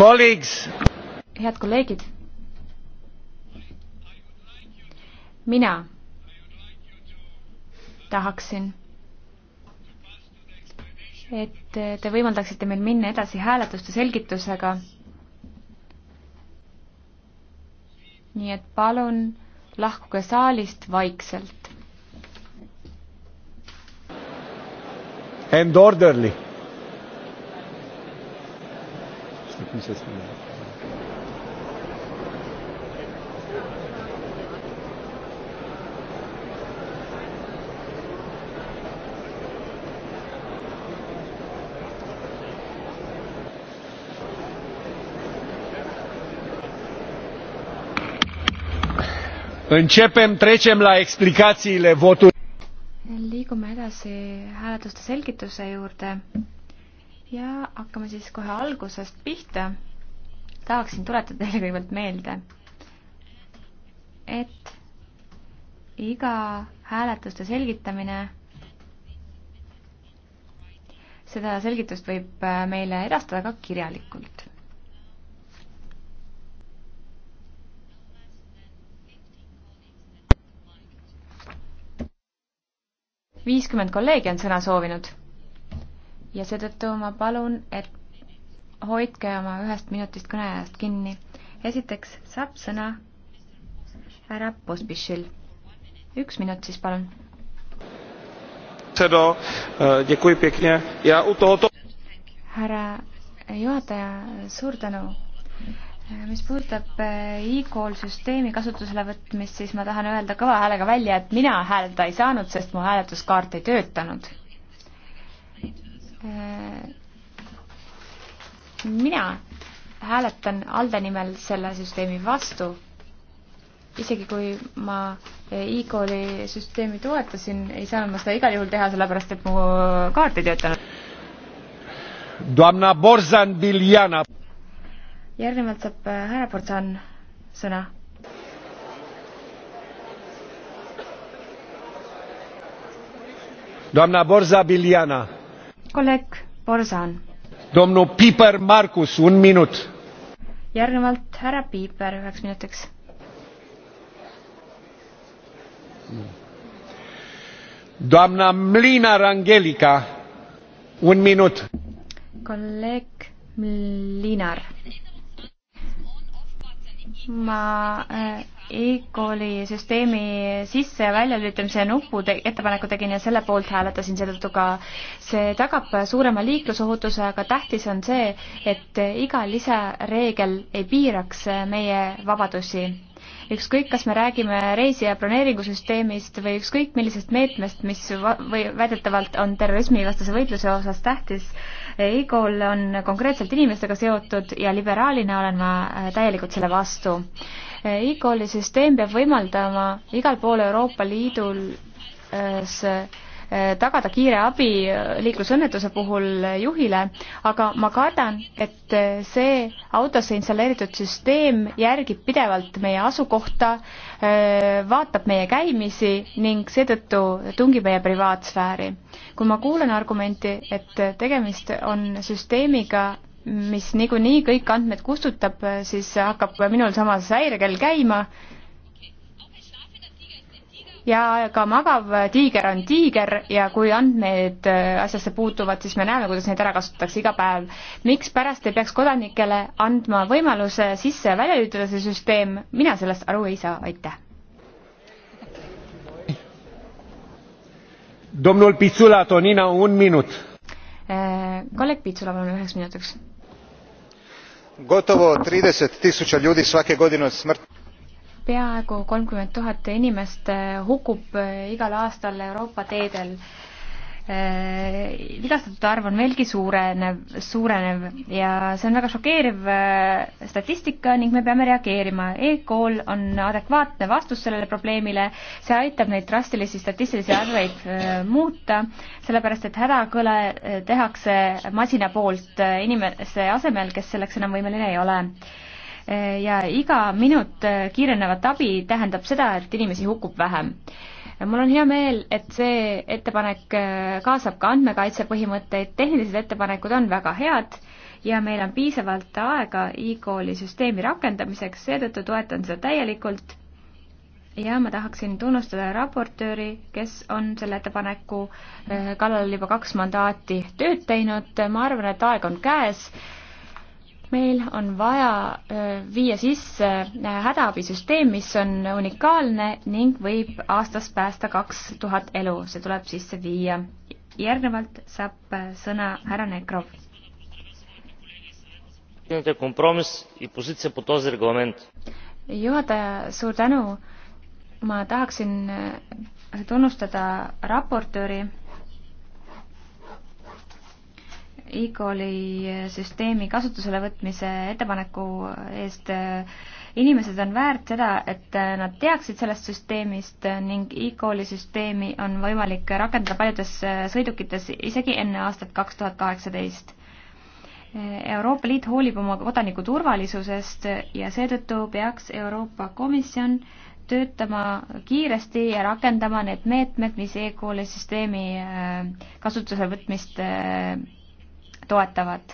head kolleegid, mina tahaksin, et te võimaldaksite meil minna edasi hääletuste selgitusega. nii et palun lahkuge saalist vaikselt. And orderly cum se spune. Începem, trecem la explicațiile votului. Liigume edasi hääletuste selgituse juurde ja hakkame siis kohe algusest pihta. tahaksin tuletada teile kõigepealt meelde, et iga hääletuste selgitamine, seda selgitust võib äh, meile edastada ka kirjalikult. viiskümmend kolleegi on sõna soovinud ja seetõttu ma palun, et hoidke oma ühest minutist kõneajast kinni. esiteks saab sõna härra Pospišil. üks minut siis, palun. Eh, härra juhataja, suur tänu eh, mis puudutab eh, e-call süsteemi kasutusele võtmist, siis ma tahan öelda kõva häälega välja, et mina hääletada ei saanud, sest mu hääletuskaart ei töötanud Äh, mina hääletan ALDE nimel selle süsteemi vastu. isegi kui ma e-kooli süsteemi toetasin, ei saanud ma seda igal juhul teha, sellepärast et mu kaart ei töötanud. Doamna Borzan Biljana. järgnevalt saab äh, härra Borzan sõna doamna borza biliana kolleeg Borzan. Domnul Piper Markus, un minut. järgnevalt härra Piiper üheks minutiks. Doamna Mlina Rangelica, un minut. kolleeg Mlinar ma äh, e-kooli süsteemi sisse ja väljalülitamise nupu te ettepaneku tegin ja selle poolt hääletasin seetõttu ka. see tagab suurema liiklusohutuse, aga tähtis on see, et iga lisareegel ei piiraks meie vabadusi. ükskõik, kas me räägime reisija broneeringusüsteemist või ükskõik millisest meetmest, mis või väidetavalt on terrorismivastase võitluse osas tähtis, IGOL on konkreetselt inimestega seotud ja liberaalina olen ma äh, täielikult selle vastu. Äh, IGOL-i süsteem peab võimaldama igal pool Euroopa Liidul äh, Eh, tagada kiire abi eh, liiklusõnnetuse puhul eh, juhile, aga ma kardan, et see autosse installeeritud süsteem järgib pidevalt meie asukohta, vaatab meie käimisi ning seetõttu tungib meie privaatsfääri. kui ma kuulen argumenti, et tegemist on süsteemiga, mis niikuinii kõik andmed kustutab, siis hakkab minul samas häirekell käima ja ka magav tiiger on tiiger ja kui andmed asjasse puutuvad, siis me näeme, kuidas neid ära kasutatakse iga päev. mikspärast ei peaks kodanikele andma võimaluse sisse ja välja lülitada see süsteem, mina sellest aru ei saa, aitäh. Domnul Pitsula, Tonina, un minut. Eh, kolleeg Pitsula, palun üheks minutiks. gotovo trideset tisuća ljudi svake godine smrt- peaaegu kolmkümmend tuhat inimest äh, hukub äh, igal aastal Euroopa teedel äh, vigastatud arv on veelgi suurenev, suurenev ja see on väga šokeeriv statistika ning me peame reageerima e. e-kool on adekvaatne vastus sellele probleemile, see aitab neid drastilisi statistilisi arveid muuta, sellepärast et hädakõle tehakse masina poolt inimese asemel, kes selleks enam võimeline ei ole ja iga minut kiirenevat abi tähendab seda, et inimesi hukkub vähem mul on hea meel, et see ettepanek äh, kaasab ka andmekaitse põhimõtteid, tehnilised ettepanekud on väga head ja meil on piisavalt aega e-kooli süsteemi rakendamiseks, seetõttu toetan seda täielikult. ja ma tahaksin tunnustada raportööri, kes on selle ettepaneku äh, kallal juba kaks mandaati tööd teinud, ma arvan, et aeg on käes meil on vaja viia sisse hädaabisüsteem, mis on unikaalne ning võib aastas päästa kaks tuhat elu, see tuleb sisse viia. järgnevalt saab sõna härra Nekrov. juhataja, suur tänu. ma tahaksin tunnustada raportööri e-kooli süsteemi kasutusele võtmise ettepaneku eest. inimesed on väärt seda, et nad teaksid sellest süsteemist ning e-kooli süsteemi on võimalik rakendada paljudes sõidukites isegi enne aastat kaks tuhat kaheksateist. Euroopa Liit hoolib oma kodaniku turvalisusest ja seetõttu peaks Euroopa Komisjon töötama kiiresti ja rakendama need meetmed, mis e-kooli süsteemi kasutusele võtmist toetavad.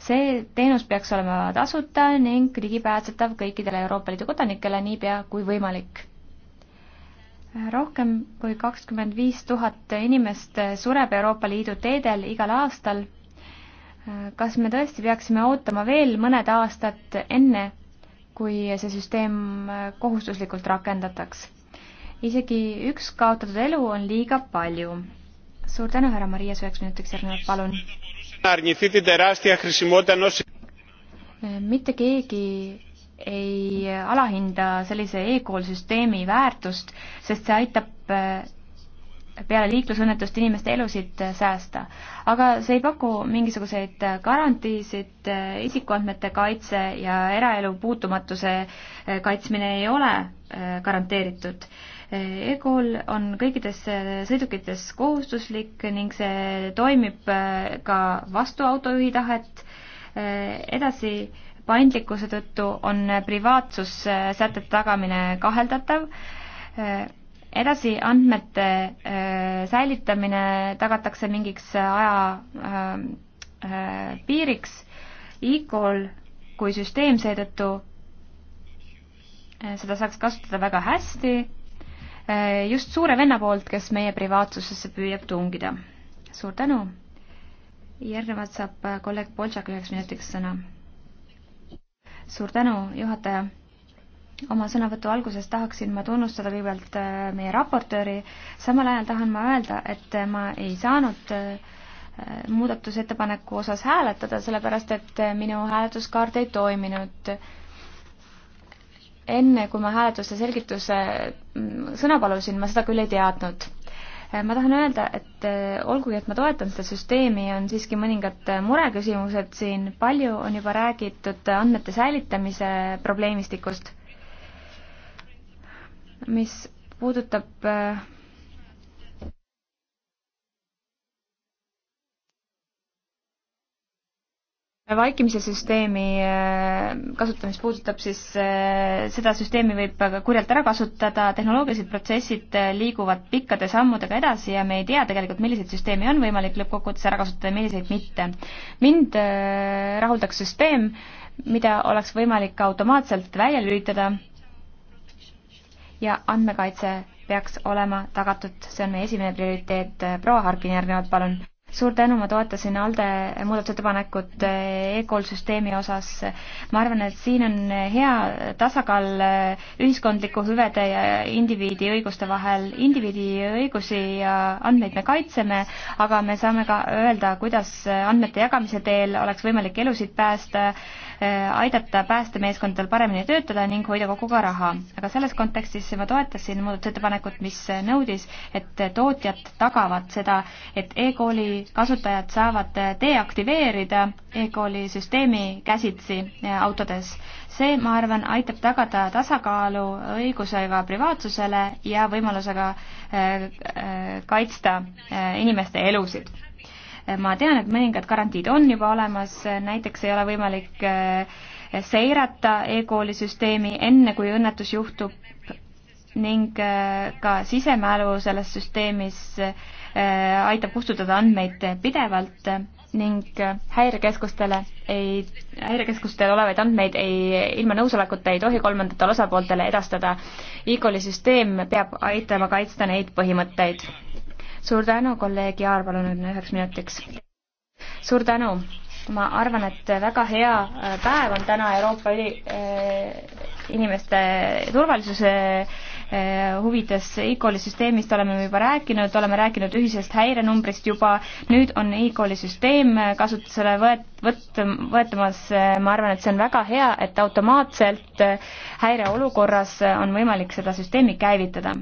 see teenus peaks olema tasuta ning ligipääsetav kõikidele Euroopa Liidu kodanikele niipea kui võimalik. rohkem kui kakskümmend viis tuhat inimest sureb Euroopa Liidu teedel igal aastal. kas me tõesti peaksime ootama veel mõned aastad enne, kui see süsteem kohustuslikult rakendataks? isegi üks kaotatud elu on liiga palju. suur tänu, härra Marias, üheks minutiks järgnevalt, palun να αρνηθεί την τεράστια χρησιμότητα ενός... Mitte keegi ei äh, alahinda sellise e-koolsüsteemi väärtust, sest see aitab äh, peale liiklusõnnetust inimeste elusid äh, säästa. aga see ei paku mingisuguseid garantiisid, isikuandmete kaitse ja eraelu puutumatuse kaitsmine ei ole garanteeritud EGOL on kõikides sõidukites kohustuslik ning see toimib äh, ka vastu autojuhi tahet. Äh, edasi paindlikkuse tõttu on privaatsussätete äh, tagamine kaheldatav. edasi andmete säilitamine tagatakse mingiks aja piiriks. e-call kui süsteem seetõttu seda saaks kasutada väga hästi Eh, just suure venna poolt, kes meie privaatsusesse püüab tungida. suur tänu. järgnevalt saab eh, kolleeg Boltšak üheks minutiks sõna. suur tänu, juhataja oma sõnavõtu alguses tahaksin ma tunnustada kõigepealt eh, meie raportööri, samal ajal tahan ma öelda, et ma ei saanud muudatusettepaneku osas hääletada, sellepärast et minu hääletuskaart ei toiminud enne kui ma hääletuse selgituse mm, sõna palusin, ma seda küll ei teadnud. Äh, ma tahan öelda, et äh, olgugi, et ma toetan seda süsteemi, on siiski mõningad äh, mureküsimused siin, palju on juba räägitud andmete säilitamise probleemistikust, mis puudutab vaikimise süsteemi äh, kasutamist puudutab, siis äh, seda süsteemi võib kurjalt ära kasutada, tehnoloogilised protsessid äh, liiguvad pikkade sammudega edasi ja me ei tea tegelikult, milliseid süsteeme on võimalik lõppkokkuvõttes ära kasutada ja milliseid mitte. mind rahuldaks süsteem, mida oleks võimalik ka automaatselt välja lülitada ja andmekaitse peaks olema tagatud, see on meie esimene prioriteet, proua Harkin järgnevalt, palun suur tänu, ma toetasin ALDE muudatusettepanekut e-kool eh, süsteemi osas. ma arvan, et siin on hea tasakaal eh, ühiskondliku hüvede ja indiviidi õiguste vahel. indiviidi õigusi ja andmeid me kaitseme, aga me saame ka öelda, kuidas andmete jagamise teel oleks võimalik elusid päästa Äh, aidata päästemeeskondadel paremini töötada ning hoida kokku ka raha. aga selles kontekstis ma toetasin muudatusettepanekut, mis nõudis, et tootjad tagavad seda, et e-kooli kasutajad saavad deaktiveerida e-kooli süsteemi käsitsi äh, autodes. see, ma arvan, aitab tagada tasakaalu õigusega privaatsusele ja võimalusega äh, kaitsta inimeste elusid ma tean, et mõningad garantiid on juba olemas, näiteks ei ole võimalik eh, seirata e-kooli süsteemi enne, kui õnnetus juhtub ning eh, ka sisemälu selles süsteemis eh, aitab kustutada andmeid pidevalt ning häirekeskustele ei, häirekeskustel olevaid andmeid ei, ilma nõusolekuta ei tohi kolmandatele osapooltele edastada e. e-kooli süsteem peab aitama kaitsta neid põhimõtteid suur tänu, kolleeg Jaar, palun üheks minutiks. suur tänu ma arvan, et väga hea äh, päev on täna Euroopa üli, äh, inimeste turvalisuse äh, huvides e-kooli süsteemist oleme juba rääkinud, oleme rääkinud ühisest häirenumbrist juba, nüüd on e-kooli süsteem kasutusele võet-, võt-, võetamas, ma arvan, et see on väga hea, et automaatselt äh, häireolukorras on võimalik seda süsteemi käivitada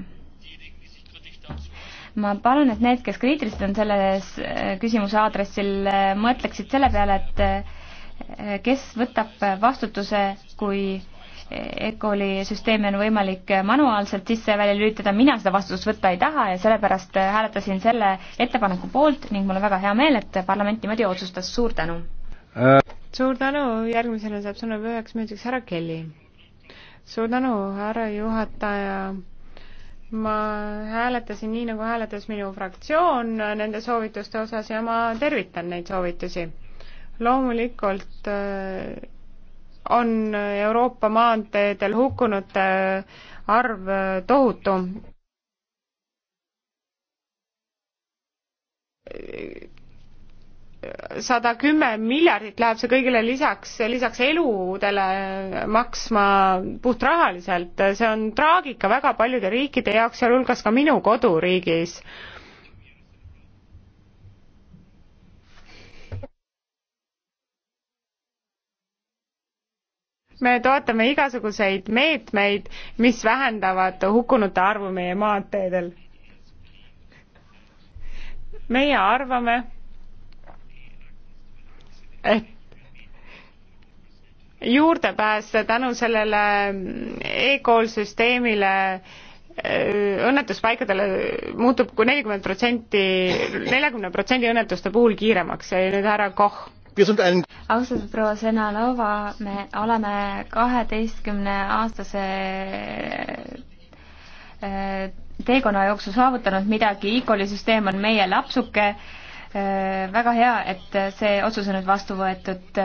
ma palun, et need, kes kriitilised on selles äh, küsimuse aadressil, äh, mõtleksid selle peale, et äh, kes võtab vastutuse, kui ECOL-i süsteemi on võimalik manuaalselt sisse ja välja lülitada, mina seda vastutust võtta ei taha ja sellepärast hääletasin selle ettepaneku poolt ning mul on väga hea meel, et parlament niimoodi otsustas, suur tänu äh.! suur tänu, järgmisena saab sõna üheks minutiks härra Kelly. suur tänu, härra juhataja ma hääletasin nii, nagu hääletas minu fraktsioon nende soovituste osas ja ma tervitan neid soovitusi. loomulikult äh, on Euroopa maanteedel hukkunute äh, arv äh, tohutu sada kümme miljardit läheb see kõigile lisaks, lisaks eludele maksma puhtrahaliselt, see on traagika väga paljude riikide jaoks, sealhulgas ka minu koduriigis. me toetame igasuguseid meetmeid, mis vähendavad hukkunute arvu meie maanteedel. meie arvame et juurdepääs tänu sellele e-kool süsteemile äh, õnnetuspaikadele muutub kui nelikümmend protsenti, neljakümne protsendi õnnetuste puhul kiiremaks, see nüüd härra Koch austatud proua Senalova, me oleme kaheteistkümne aastase äh, teekonna jooksul saavutanud midagi e, e-kooli süsteem on meie lapsuke Äh, väga hea, et see otsus on nüüd vastu võetud.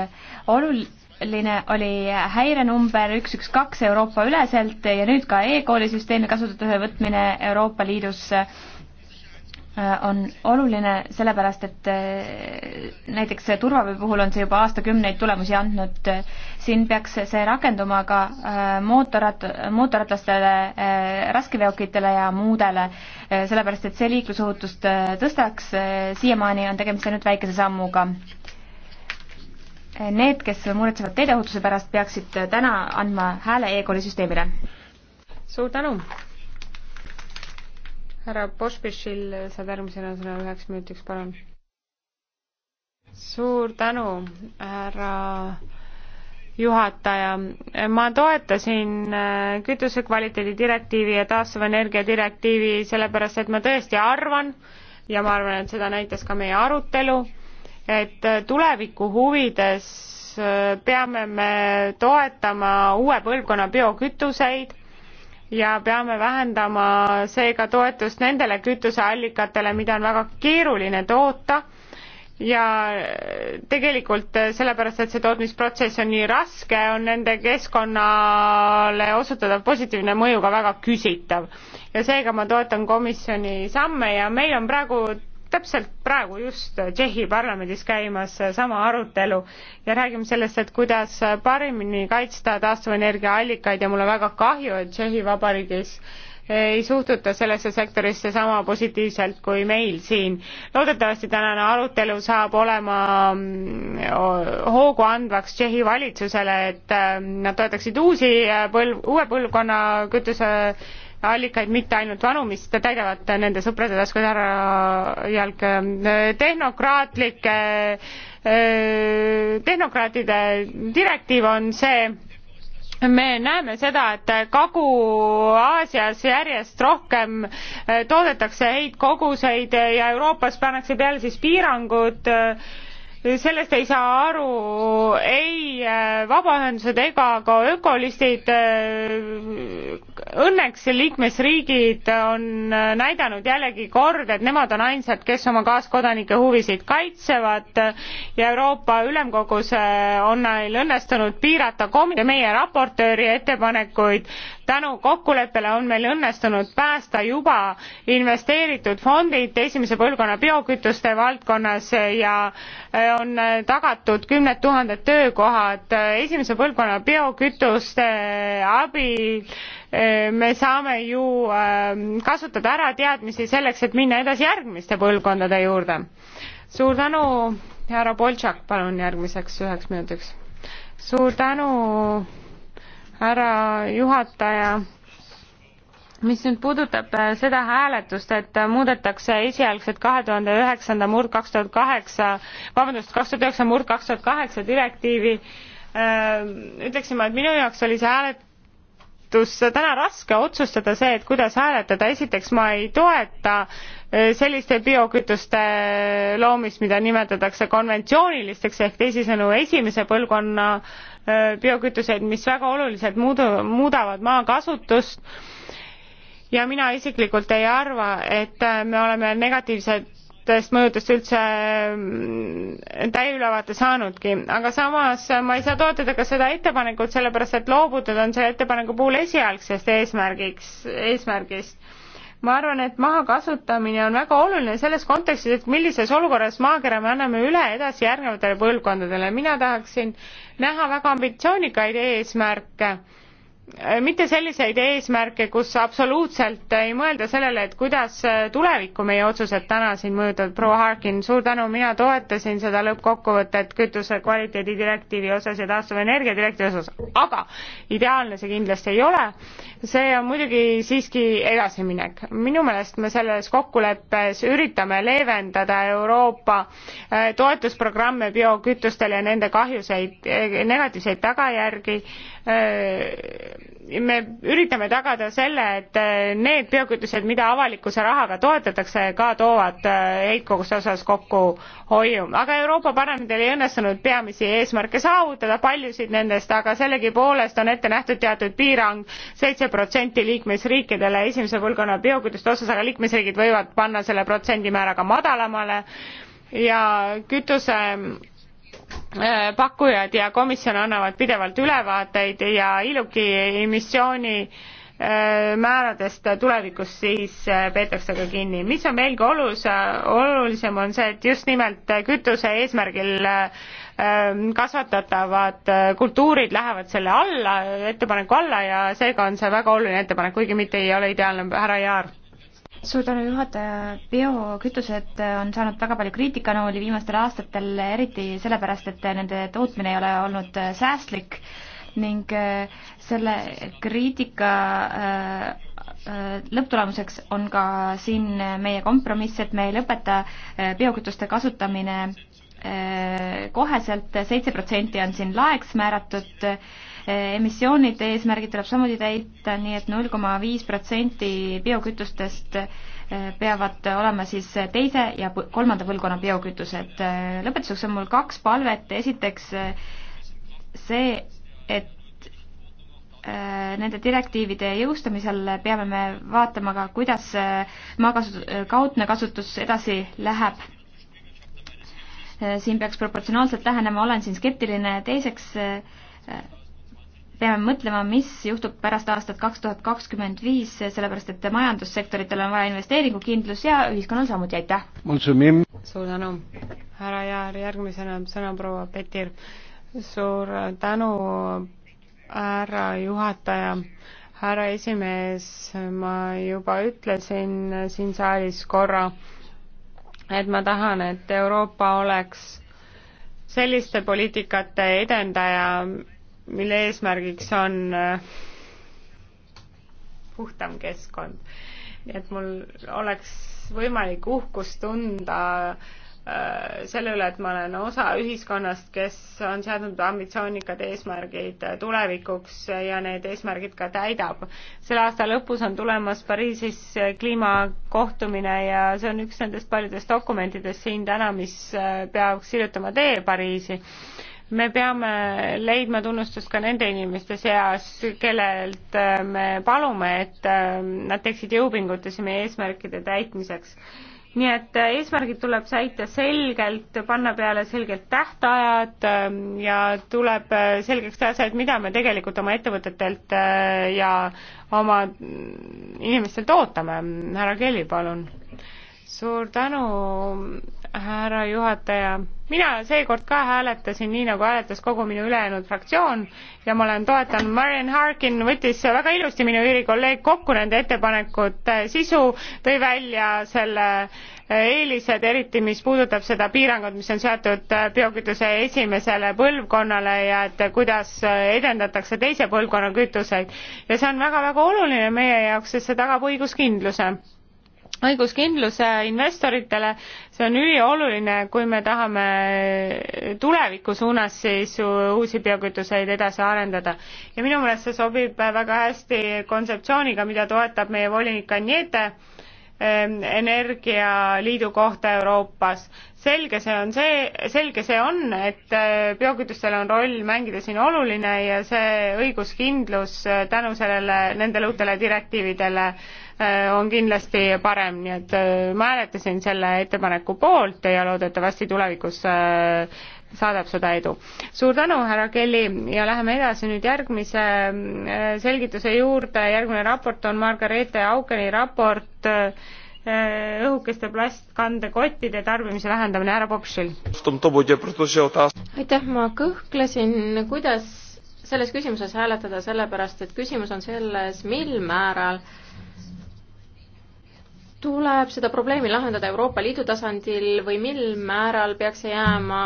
oluline oli häirenumber üks, üks, kaks Euroopa üleselt ja nüüd ka e-koolisüsteemi kasutusele võtmine Euroopa Liidus Äh, on oluline, sellepärast et äh, näiteks turvavöö puhul on see juba aastakümneid tulemusi andnud. siin peaks see rakenduma ka äh, mootorrat-, mootorratastele, raskeveokitele ja muudele, sellepärast et see liiklusohutust tõstaks, siiamaani on tegemist ainult väikese sammuga need, kes muretsevad teedeohutuse pärast, peaksid täna andma hääle e-koolisüsteemile. suur tänu! härra Pospišil saab järgmisena sõna üheks minutiks, palun. suur tänu, härra juhataja. ma toetasin äh, kütuse kvaliteedi direktiivi ja taastuva energia direktiivi sellepärast, et ma tõesti arvan ja ma arvan, et seda näitas ka meie arutelu, et äh, tuleviku huvides äh, peame me toetama uue põlvkonna biokütuseid ja peame vähendama seega toetust nendele kütuseallikatele, mida on väga keeruline toota ja tegelikult eh, sellepärast, et see tootmisprotsess on nii raske, on nende keskkonnale osutatav positiivne mõju ka väga küsitav. ja seega ma toetan komisjoni samme ja meil on praegu täpselt praegu just Tšehhi parlamendis käimas sama arutelu ja räägime sellest, et kuidas paremini kaitsta taastuvenergia allikaid ja mul on väga kahju, et Tšehhi Vabariigis ei suhtuta sellesse sektorisse sama positiivselt kui meil siin. loodetavasti tänane arutelu saab olema mm, hoogu andvaks Tšehhi valitsusele, et mm, nad toetaksid uusi põlv, uue põlvkonna kütuse allikaid, mitte ainult vanu, mis täidavad nende sõprade taskud ära jalg, tehnokraatlike, eh, eh, tehnokraatide direktiiv on see, me näeme seda, et Kagu-Aasias järjest rohkem eh, toodetakse häid koguseid ja Euroopas pannakse peale siis piirangud äh, sellest ei saa aru ei äh, vabaühendused ega ka ökolistid. Äh, õnneks liikmesriigid on äh, näidanud jällegi kord, et nemad on ainsad, kes oma kaaskodanike huvisid kaitsevad ja Euroopa Ülemkogus on neil õnnestunud piirata kom- ja meie raportööri ettepanekuid tänu kokkuleppele on meil õnnestunud päästa juba investeeritud fondid esimese põlvkonna biokütuste valdkonnas ja eh, on eh, tagatud kümned tuhanded töökohad esimese põlvkonna biokütuste abil eh, me saame ju kasutada ära teadmisi selleks et minna edasi järgmiste põlvkondade juurde suur tänu härra Boltšak palun järgmiseks üheks minutiks suur tänu härra juhataja mis nüüd puudutab äh, seda hääletust, et äh, muudetakse esialgset kahe tuhande üheksanda murd kaks tuhat kaheksa, vabandust, kaks tuhat üheksa murd kaks tuhat kaheksa direktiivi, äh, ütleksin ma, et minu jaoks oli see hääletus täna raske otsustada see, et kuidas hääletada, esiteks ma ei toeta selliste biokütuste loomist, mida nimetatakse konventsioonilisteks ehk teisisõnu esimese põlvkonna äh, biokütuseid, mis väga oluliselt muudu, muudavad maakasutust ja mina isiklikult ei arva, et me oleme negatiivsetest mõjudest üldse mm, täieülevaate saanudki, aga samas ma ei saa toetada ka seda ettepanekut, sellepärast et loobutud on selle ettepaneku puhul esialgsest eesmärgiks, eesmärgist ma arvan, et mahakasutamine on väga oluline selles kontekstis, et millises olukorras maakera me anname üle edasi järgnevatele põlvkondadele. mina tahaksin näha väga ambitsioonikaid eesmärke Äh, mitte selliseid eesmärke, kus absoluutselt ei mõelda sellele, et kuidas äh, tulevikku meie otsused täna siin mõjutavad. proua Harkin, suur tänu, mina toetasin seda lõppkokkuvõtet kütuse kvaliteedi direktiivi osas ja taastuvenergia direktiivi osas, aga ideaalne see kindlasti ei ole. see on muidugi siiski edasiminek. minu meelest me selles kokkuleppes üritame leevendada Euroopa äh, toetusprogramme biokütustele ja nende kahjuseid, negatiivseid tagajärgi Äh, me üritame tagada selle, et äh, need biokütused, mida avalikkuse rahaga toetatakse, ka toovad äh, heitkoguste osas kokkuhoiu. aga Euroopa Parlamendil ei õnnestunud peamisi eesmärke saavutada, paljusid nendest, aga sellegipoolest on ette nähtud teatud piirang seitse protsenti liikmesriikidele esimese põlvkonna biokütuste osas, aga liikmesriigid võivad panna selle protsendimäära ka madalamale ja kütuse Äh, pakkujad ja komisjon annavad pidevalt ülevaateid ja ILUK-i emissiooni äh, määradest tulevikus siis äh, peetakse ka kinni. mis on veelgi olulise, olulisem, on see, et just nimelt kütuse eesmärgil kasvatatavad kultuurid lähevad selle alla, ettepaneku alla ja seega on see väga oluline ettepanek, kuigi mitte ei ole ideaalne, härra Jaar suur tänu, juhataja. biokütused on saanud väga palju kriitikanooli viimastel aastatel, eriti sellepärast, et nende tootmine ei ole olnud äh, säästlik ning äh, selle kriitika äh, lõpptulemuseks on ka siin meie kompromiss, et me ei lõpeta biokütuste kasutamine koheselt, seitse protsenti on siin laeks määratud emissioonide eesmärgid tuleb samuti täita, nii et null koma viis protsenti biokütustest eh, peavad olema siis teise ja kolmanda põlvkonna biokütused. Eh, lõpetuseks on mul kaks palvet, esiteks eh, see, et nende direktiivide jõustamisel peame me vaatama ka, kuidas maakasu-, kaudne kasutus edasi läheb. siin peaks proportsionaalselt lähenema, olen siin skeptiline, teiseks peame mõtlema, mis juhtub pärast aastat kaks tuhat kakskümmend viis, sellepärast et majandussektoritel on vaja investeeringukindlus ja ühiskonnal samuti, aitäh! suur tänu, härra Jaar, järgmisena sõna proua Petir. suur tänu, härra juhataja, härra esimees, ma juba ütlesin siin saalis korra, et ma tahan, et Euroopa oleks selliste poliitikate edendaja, mille eesmärgiks on äh, puhtam keskkond. nii et mul oleks võimalik uhkust tunda äh, selle üle, et ma olen osa ühiskonnast, kes on seadnud ambitsioonikad eesmärgid äh, tulevikuks ja need eesmärgid ka täidab. selle aasta lõpus on tulemas Pariisis kliimakohtumine ja see on üks nendest paljudest dokumentidest siin täna, mis peaks sirutama tee Pariisi me peame leidma tunnustust ka nende inimeste seas, kellelt äh, me palume, et äh, nad teeksid jõupingutusi meie eesmärkide täitmiseks. nii et äh, eesmärgid tuleb säita selgelt, panna peale selgelt tähtajad ähm, ja tuleb selgeks teha see, et mida me tegelikult oma ettevõtetelt ja oma mm, inimestelt ootame. härra Kelly, palun. suur tänu härra juhataja, mina seekord ka hääletasin nii, nagu hääletas kogu minu ülejäänud fraktsioon ja ma olen toetanud, Marian Harkin võttis väga ilusti minu Iiri kolleeg kokku nende ettepanekute sisu, tõi välja selle eelised, eriti mis puudutab seda piirangut, mis on seatud biokütuse esimesele põlvkonnale ja et kuidas edendatakse teise põlvkonna kütuseid. ja see on väga-väga oluline meie jaoks, sest see tagab õiguskindluse õiguskindluse investoritele, see on ülioluline, kui me tahame tuleviku suunas siis uusi biokütuseid edasi arendada. ja minu meelest see sobib väga hästi kontseptsiooniga, mida toetab meie volinik Anjete, Ähm, energialiidu kohta Euroopas. selge see on see, selge see on, et äh, biokütustel on roll mängida siin oluline ja see õiguskindlus äh, tänu sellele, nendele uutele direktiividele äh, on kindlasti parem, nii et ma hääletasin selle ettepaneku poolt ja loodetavasti tulevikus saadab seda edu. suur tänu, härra Kelly ja läheme edasi nüüd järgmise äh, selgituse juurde, järgmine raport on Margareete Aukeni raport äh, õhukeste plastkandekottide tarbimise vähendamine, härra Popšil. aitäh, ma kõhklesin, kuidas selles küsimuses hääletada, sellepärast et küsimus on selles, mil määral äh, tuleb seda probleemi lahendada Euroopa Liidu tasandil või mil määral peaks see jääma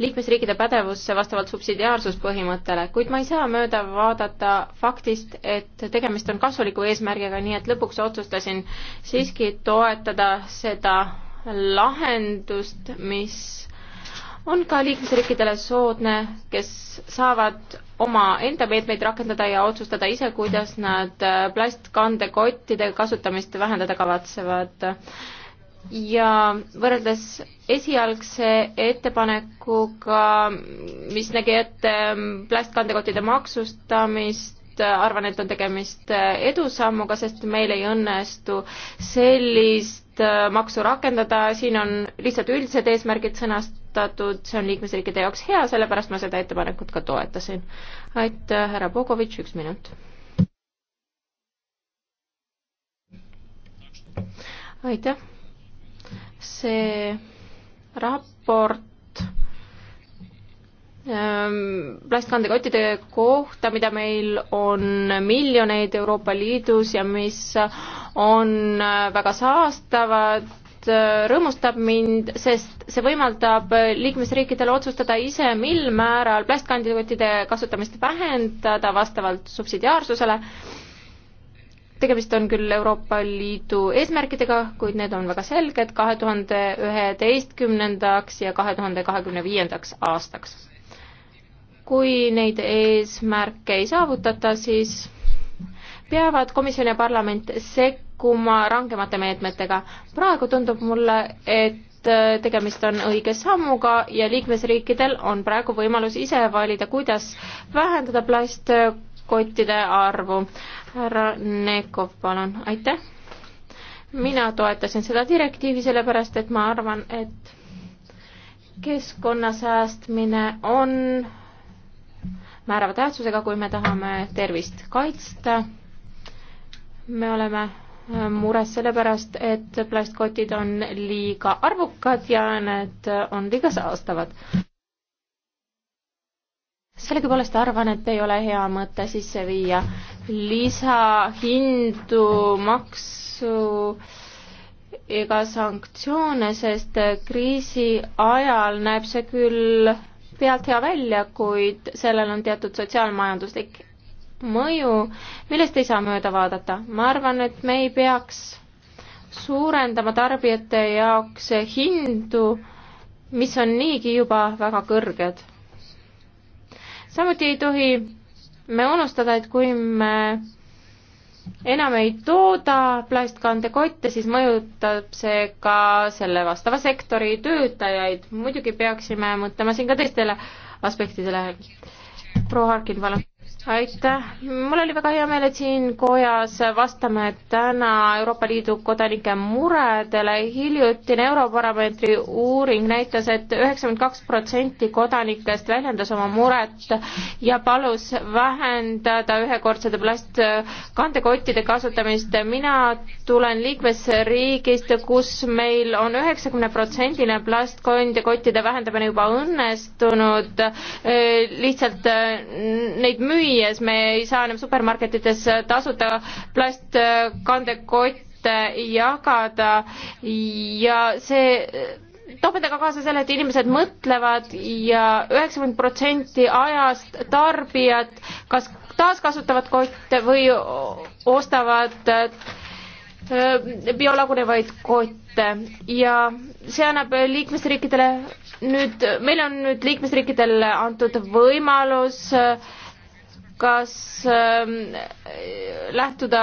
liikmesriikide pädevusse vastavalt subsidiaarsuspõhimõttele, kuid ma ei saa mööda vaadata faktist, et tegemist on kasuliku eesmärgiga, nii et lõpuks otsustasin siiski toetada seda lahendust, mis on ka liikmesriikidele soodne, kes saavad omaenda meetmeid rakendada ja otsustada ise, kuidas nad äh, plastkandekottide kasutamist vähendada kavatsevad. ja võrreldes esialgse ettepanekuga, mis nägi ette ähm, plastkandekottide maksustamist, äh, arvan, et on tegemist äh, edusammuga, sest meil ei õnnestu sellist maksu rakendada, siin on lihtsalt üldised eesmärgid sõnast arutatud, see on liikmesriikide jaoks hea, sellepärast ma seda ettepanekut ka toetasin. aitäh, härra Bogovitš, üks minut. aitäh. see raport ähm, plastkandekotide kohta, mida meil on miljoneid Euroopa Liidus ja mis on äh, väga saastavad, Äh, rõõmustab mind, sest see võimaldab äh, liikmesriikidel otsustada ise, mil määral plastkandikottide kasutamist vähendada vastavalt subsidiaarsusele. tegemist on küll Euroopa Liidu eesmärkidega, kuid need on väga selged kahe tuhande üheteistkümnendaks ja kahe tuhande kahekümne viiendaks aastaks. kui neid eesmärke ei saavutata, siis peavad komisjon ja parlament sek-, lahkuma rangemate meetmetega. praegu tundub mulle, et äh, tegemist on õige sammuga ja liikmesriikidel on praegu võimalus ise valida, kuidas vähendada plastkottide arvu. härra Nekov, palun, aitäh. mina toetasin seda direktiivi sellepärast, et ma arvan, et keskkonna säästmine on määrava tähtsusega, kui me tahame tervist kaitsta. me oleme mures sellepärast, et plastkotid on liiga arvukad ja need on liiga saastavad. sellegipoolest arvan, et ei ole hea mõte sisse viia lisahindu, maksu ega sanktsioone, sest kriisi ajal näeb see küll pealt hea välja, kuid sellel on teatud sotsiaalmajanduslik mõju, millest ei saa mööda vaadata. ma arvan, et me ei peaks suurendama tarbijate jaoks hindu, mis on niigi juba väga kõrged. samuti ei tohi me unustada, et kui me enam ei tooda plastkandekotte, siis mõjutab see ka selle vastava sektori töötajaid. muidugi peaksime mõtlema siin ka teistele aspektidele. proua Harkin, palun aitäh, mul oli väga hea meel, et siin kojas vastame täna Euroopa Liidu kodanike muredele. hiljutine Europarameetri uuring näitas et, et üheksakümmend kaks protsenti kodanikest väljendas oma muret ja palus vähendada ühekordsete plastkandekottide kasutamist. mina tulen liikmesriigist, kus meil on üheksakümneprotsendine plastkandekottide vähendamine juba õnnestunud. lihtsalt äh, neid müüa müües, me ei saa enam supermarketites tasuta plastkandekotte jagada ja see toob endaga kaasa selle, et inimesed mõtlevad ja üheksakümmend protsenti ajast tarbijad kas taaskasutavad kotte või ostavad äh, biolagunevaid kotte ja see annab liikmesriikidele nüüd, meil on nüüd liikmesriikidele antud võimalus äh, kas ähm, lähtuda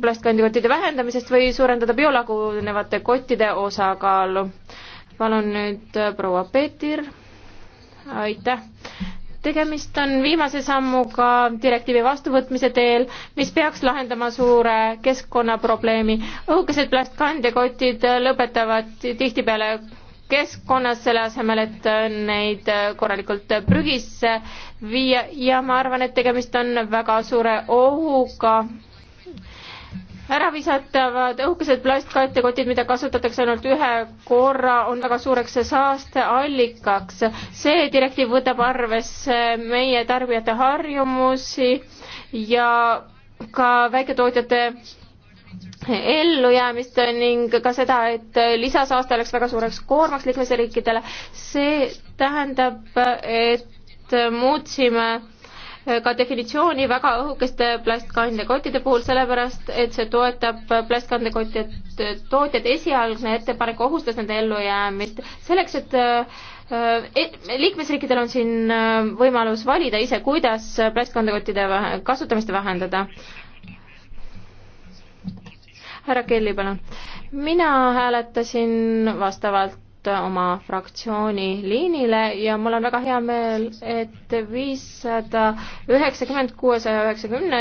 plastkandikottide vähendamisest või suurendada biolagunevate kottide osakaalu. palun nüüd äh, proua Peeter, aitäh tegemist on viimase sammuga direktiivi vastuvõtmise teel, mis peaks lahendama suure keskkonnaprobleemi. õhukesed plastkandjakotid lõpetavad tihtipeale keskkonnas, selle asemel, et neid korralikult prügisse viia ja ma arvan, et tegemist on väga suure ohuga. äravisatavad õhukesed plastkattekotid, mida kasutatakse ainult ühe korra, on väga suureks saasteallikaks. see direktiiv võtab arvesse meie tarbijate harjumusi ja ka väiketootjate ellujäämist ning ka seda, et lisasaaste oleks väga suureks koormaks liikmesriikidele. see tähendab, et muutsime ka definitsiooni väga õhukeste plastkandjakottide puhul, sellepärast et see toetab plastkandjakottide tootjad, esialgne ettepanek ohustas nende ellujäämist. selleks, et liikmesriikidel on siin võimalus valida ise, kuidas plastkandekottide kasutamist vähendada härra Kelly, palun. mina hääletasin vastavalt oma fraktsiooni liinile ja mul on väga hea meel, et viissada üheksakümmend kuuesaja üheksakümne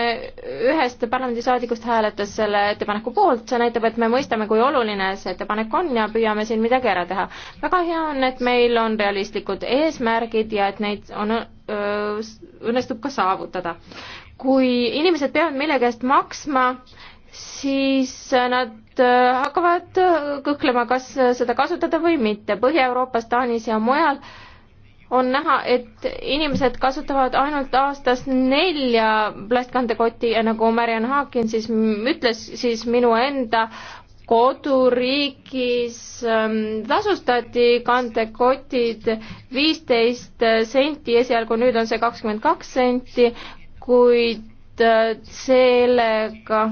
ühest parlamendisaadikust hääletas selle ettepaneku poolt, see näitab, et me mõistame, kui oluline see ettepanek on ja püüame siin midagi ära teha. väga hea on, et meil on realistlikud eesmärgid ja et neid on õnnestub ka saavutada. kui inimesed peavad mille käest maksma, siis nad äh, hakkavad äh, kõhklema, kas äh, seda kasutada või mitte. Põhja-Euroopas, Taanis ja mujal on näha, et inimesed kasutavad ainult aastas nelja plastkandekoti ja nagu Marian Haakin siis ütles, siis minu enda koduriigis ähm, tasustati kandekotid viisteist senti, esialgu nüüd on see kakskümmend kaks senti, kuid sellega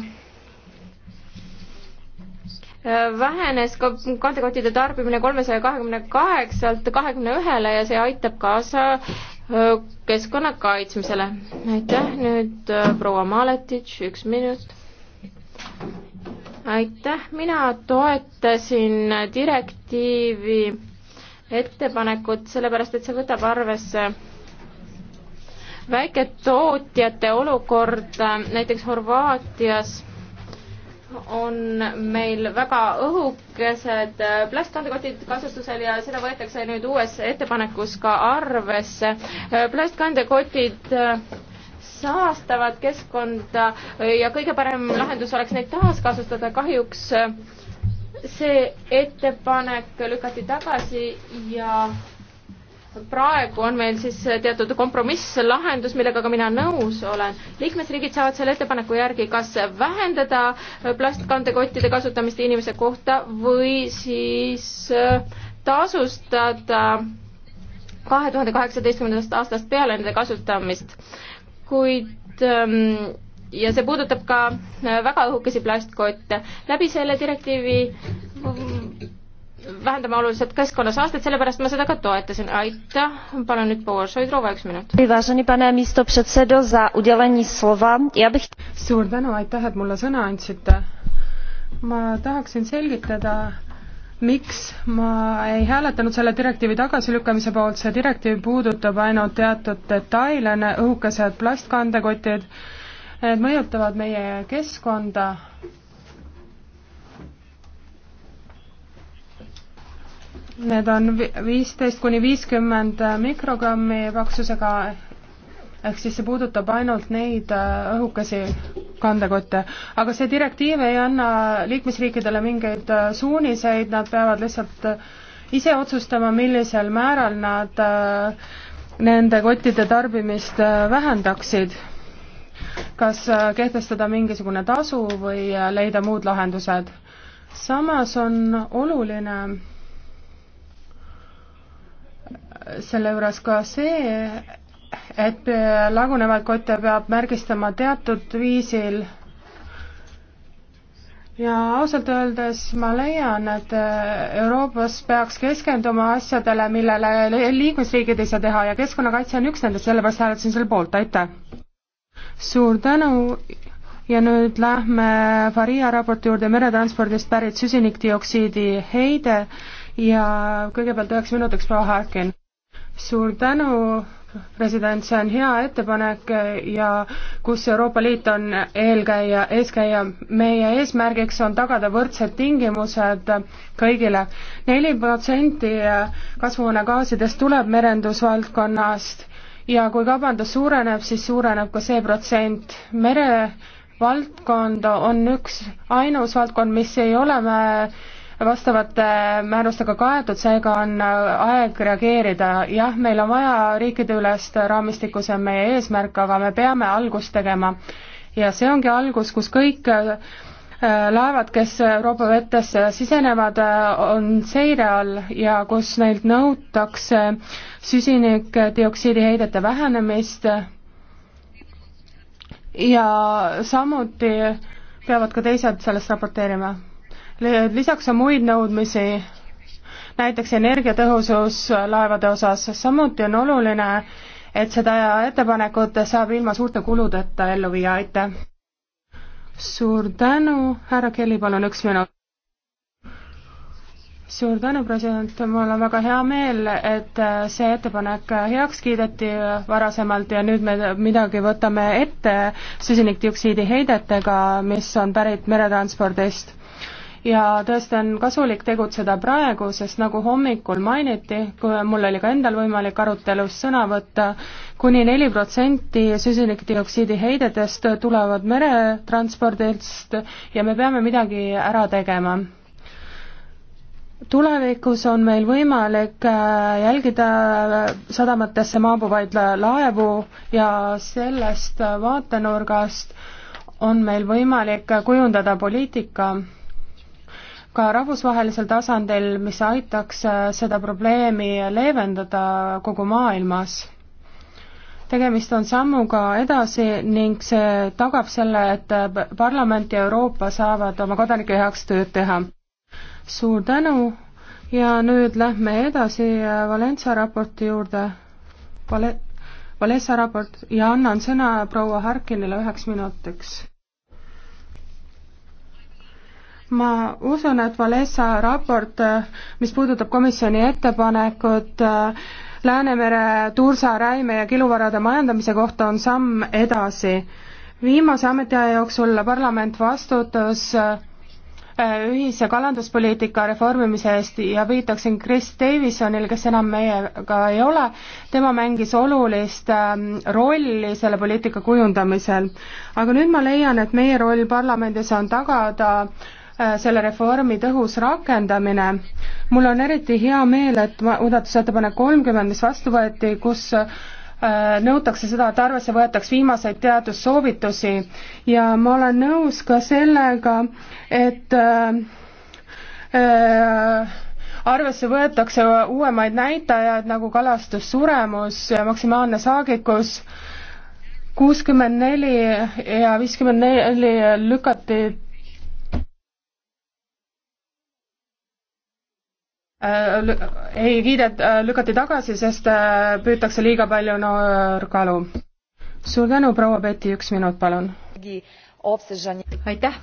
vähenes kandekottide tarbimine kolmesaja kahekümne kaheksalt kahekümne ühele ja see aitab kaasa keskkonna kaitsmisele. aitäh, nüüd proua Maletitš, üks minut. aitäh, mina toetasin direktiivi ettepanekut, sellepärast et see võtab arvesse väiketootjate olukorda näiteks Horvaatias on meil väga õhukesed äh, plastkandekotid kasutusel ja seda võetakse nüüd uues ettepanekus ka arvesse. Äh, plastkandekotid äh, saastavad keskkonda ja kõige parem lahendus oleks neid taaskasutada, kahjuks see ettepanek lükati tagasi ja praegu on meil siis teatud kompromisslahendus, millega ka mina nõus olen. liikmesriigid saavad selle ettepaneku järgi kas vähendada plastkandekottide kasutamist inimese kohta või siis äh, tasustada kahe tuhande kaheksateistkümnendast aastast peale nende kasutamist. kuid ähm, ja see puudutab ka äh, väga õhukesi plastkotte. läbi selle direktiivi vähendama oluliselt keskkonnasaastet, sellepärast ma seda ka toetasin. aitäh, palun nüüd Paul Šoidrova, üks minut. suur tänu, aitäh, et mulle sõna andsite. ma tahaksin selgitada, miks ma ei hääletanud selle direktiivi tagasilükkamise poolt, see direktiiv puudutab ainult teatud detaile, õhukesed plastkandekotid, need mõjutavad meie keskkonda Need on viisteist kuni viiskümmend äh, mikrogrammi paksusega ehk siis see puudutab ainult neid äh, õhukesi kandekotte. aga see direktiiv ei anna liikmesriikidele mingeid äh, suuniseid, nad peavad lihtsalt ise otsustama, millisel määral nad nende kottide tarbimist vähendaksid. kas kehtestada mingisugune tasu või leida muud lahendused. samas on oluline selle juures ka see, et lagunevaid kotte peab märgistama teatud viisil ja ausalt öeldes ma leian, et Euroopas peaks keskenduma asjadele, millele liikmesriigid ei saa teha ja keskkonnakaitse on üks nendest, sellepärast hääletasin selle poolt, aitäh! suur tänu ja nüüd lähme Faria raporti juurde meretranspordist pärit süsinikdioksiidi heide ja kõigepealt üheks minutiks proua Harkin suur tänu, president, see on hea ettepanek ja kus Euroopa Liit on eelkäija, eeskäija. meie eesmärgiks on tagada võrdsed tingimused kõigile. neli protsenti kasvuhoonegaasidest tuleb merendusvaldkonnast ja kui kaubandus suureneb, siis suureneb ka see protsent. mere valdkond on üks ainus valdkond, mis ei ole me vastavate äh, määrustega kaetud, seega on äh, aeg reageerida. jah, meil on vaja riikideülest raamistikku, see on meie eesmärk, aga me peame algust tegema. ja see ongi algus, kus kõik äh, laevad, kes Euroopa vetesse sisenevad, on seire all ja kus neilt nõutakse süsinikdioksiidi heidete vähenemist ja samuti peavad ka teised sellest raporteerima lisaks on muid nõudmisi, näiteks energiatõhusus laevade osas, samuti on oluline, et seda ettepanekut saab ilma suurte kuludeta ellu viia, aitäh! suur tänu, härra Kelly, palun üks minut. suur tänu, president, mul on väga hea meel, et see ettepanek heaks kiideti varasemalt ja nüüd me midagi võtame ette süsinikdioksiidi heidetega, mis on pärit meretranspordist ja tõesti on kasulik tegutseda praegu, sest nagu hommikul mainiti, kui mul oli ka endal võimalik arutelus sõna võtta kuni, kuni neli protsenti süsinikdioksiidi heidetest tulevad meretranspordist ja me peame midagi ära tegema tulevikus on meil võimalik äh, jälgida äh, sadamatesse maabuvaid laevu ja sellest äh, vaatenurgast on meil võimalik kujundada poliitika ka rahvusvahelisel tasandil, mis aitaks äh, seda probleemi leevendada kogu maailmas. tegemist on sammuga edasi ning see tagab selle, et äh, parlament ja Euroopa saavad oma kodanike heaks tööd teha. suur tänu ja nüüd lähme edasi äh, Valensa raporti juurde. Vale-, Valensa raport ja annan sõna proua Harkinile üheks minutiks ma usun, et Valesa raport, mis puudutab komisjoni ettepanekut äh, Läänemere tursa, räime ja kiluvarade majandamise kohta, on samm edasi. viimase ametiaja jooksul parlament vastutas äh, ühise kalanduspoliitika reformimise eest ja viitaksin Chris Davisonil, kes enam meiega ei ole, tema mängis olulist ähm, rolli selle poliitika kujundamisel. aga nüüd ma leian, et meie roll parlamendis on tagada Äh, selle reformi tõhus rakendamine. mul on eriti hea meel, et muudatusettepanek kolmkümmend, mis vastu võeti, kus äh, nõutakse seda, et arvesse võetaks viimaseid teadussoovitusi ja ma olen nõus ka sellega, et äh, arvesse võetakse uuemaid näitajaid nagu kalastussuremus, maksimaalne saagikus, kuuskümmend neli ja viiskümmend neli lükati Äh, ei kiidet-, äh, lükati tagasi, sest äh, püütakse liiga palju noorkalu. suur tänu, proua Betty, üks minut, palun. aitäh.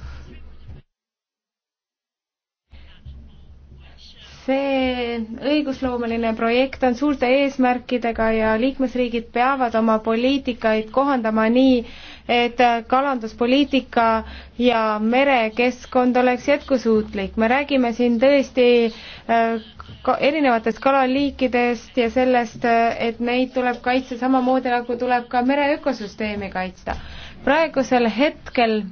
see õigusloomeline projekt on suurte eesmärkidega ja liikmesriigid peavad oma poliitikaid kohandama nii, et kalanduspoliitika ja merekeskkond oleks jätkusuutlik. me räägime siin tõesti äh, ka erinevatest kalaliikidest ja sellest, äh, et neid tuleb kaitsta samamoodi, nagu tuleb ka mere ökosüsteemi kaitsta. praegusel hetkel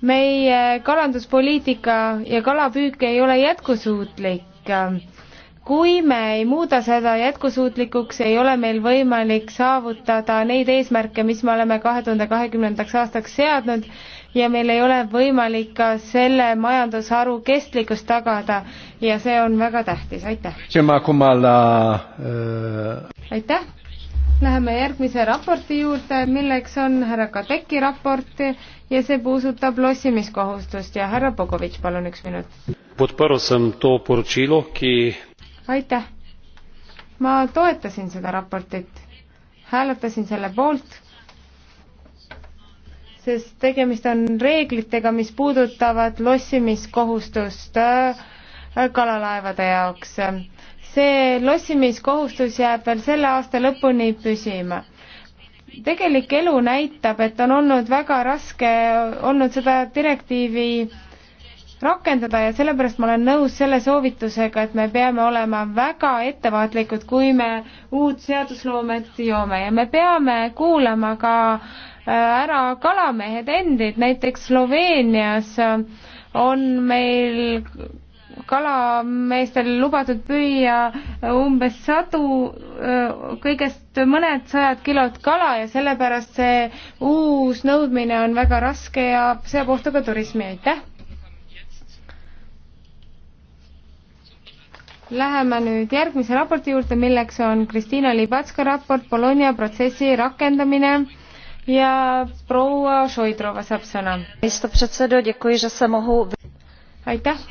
meie kalanduspoliitika ja kalapüük ei ole jätkusuutlik kui me ei muuda seda jätkusuutlikuks, ei ole meil võimalik saavutada neid eesmärke, mis me oleme kahe tuhande kahekümnendaks aastaks seadnud ja meil ei ole võimalik ka selle majandusharu kestlikkust tagada ja see on väga tähtis, aitäh. Äh, aitäh, läheme järgmise raporti juurde, milleks on härra Kadeki raport ja see puudutab lossimiskohustust ja härra Bogovitš, palun üks minut. podprl sem to poročilo, ki aitäh! ma toetasin seda raportit, hääletasin selle poolt, sest tegemist on reeglitega, mis puudutavad lossimiskohustust äh, kalalaevade jaoks. see lossimiskohustus jääb veel selle aasta lõpuni püsima tegelik elu näitab, et on olnud väga raske olnud seda direktiivi rakendada ja sellepärast ma olen nõus selle soovitusega, et me peame olema väga ettevaatlikud, kui me uut seadusloomet joome ja me peame kuulama ka äh, ära kalamehed endid, näiteks Sloveenias äh, on meil kalameestel lubatud püüa umbes sadu, äh, kõigest mõned sajad kilod kala ja sellepärast see uus nõudmine on väga raske ja seab ohtu ka turismi, aitäh! Läheme nüüd järgmise raporti juurde, milleks on Kristiina Libatska raport Bologna protsessi rakendamine ja proua Šoidrova saab sõna. aitäh,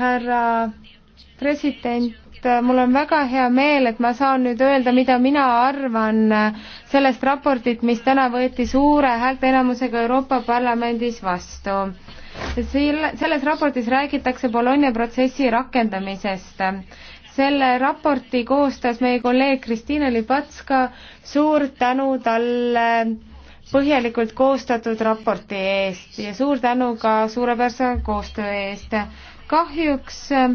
härra president, Äh, mul on väga hea meel, et ma saan nüüd öelda, mida mina arvan äh, sellest raportit, mis täna võeti suure häälteenamusega Euroopa Parlamendis vastu. Sel-, selles raportis räägitakse Bologna protsessi rakendamisest. selle raporti koostas meie kolleeg Kristiina Libatska, suur tänu talle põhjalikult koostatud raporti eest ja suur tänu ka suurepärase koostöö eest. kahjuks äh,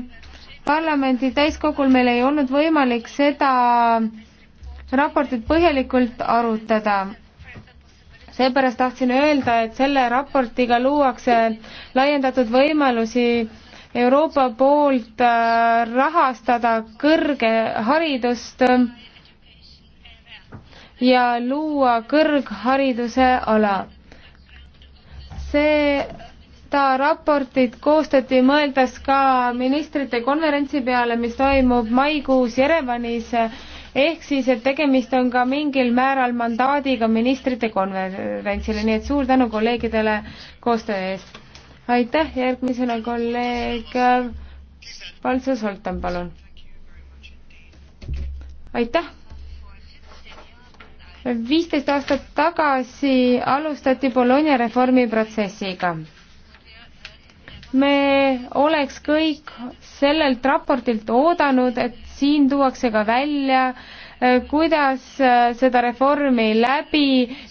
parlamendi täiskogul meil ei olnud võimalik seda raportit põhjalikult arutada. seepärast tahtsin öelda, et selle raportiga luuakse laiendatud võimalusi Euroopa poolt äh, rahastada kõrgharidust ja luua kõrghariduse ala. see seda raportit koostati mõeldes ka ministrite konverentsi peale, mis toimub maikuus Jerevanis, ehk siis, et tegemist on ka mingil määral mandaadiga ministrite konverentsile, nii et suur tänu kolleegidele koostöö eest. aitäh, järgmisena kolleeg Paltsa Soltan, palun. aitäh viisteist aastat tagasi alustati Bologna reformi protsessiga me oleks kõik sellelt raportilt oodanud, et siin tuuakse ka välja, eh, kuidas eh, seda reformi läbi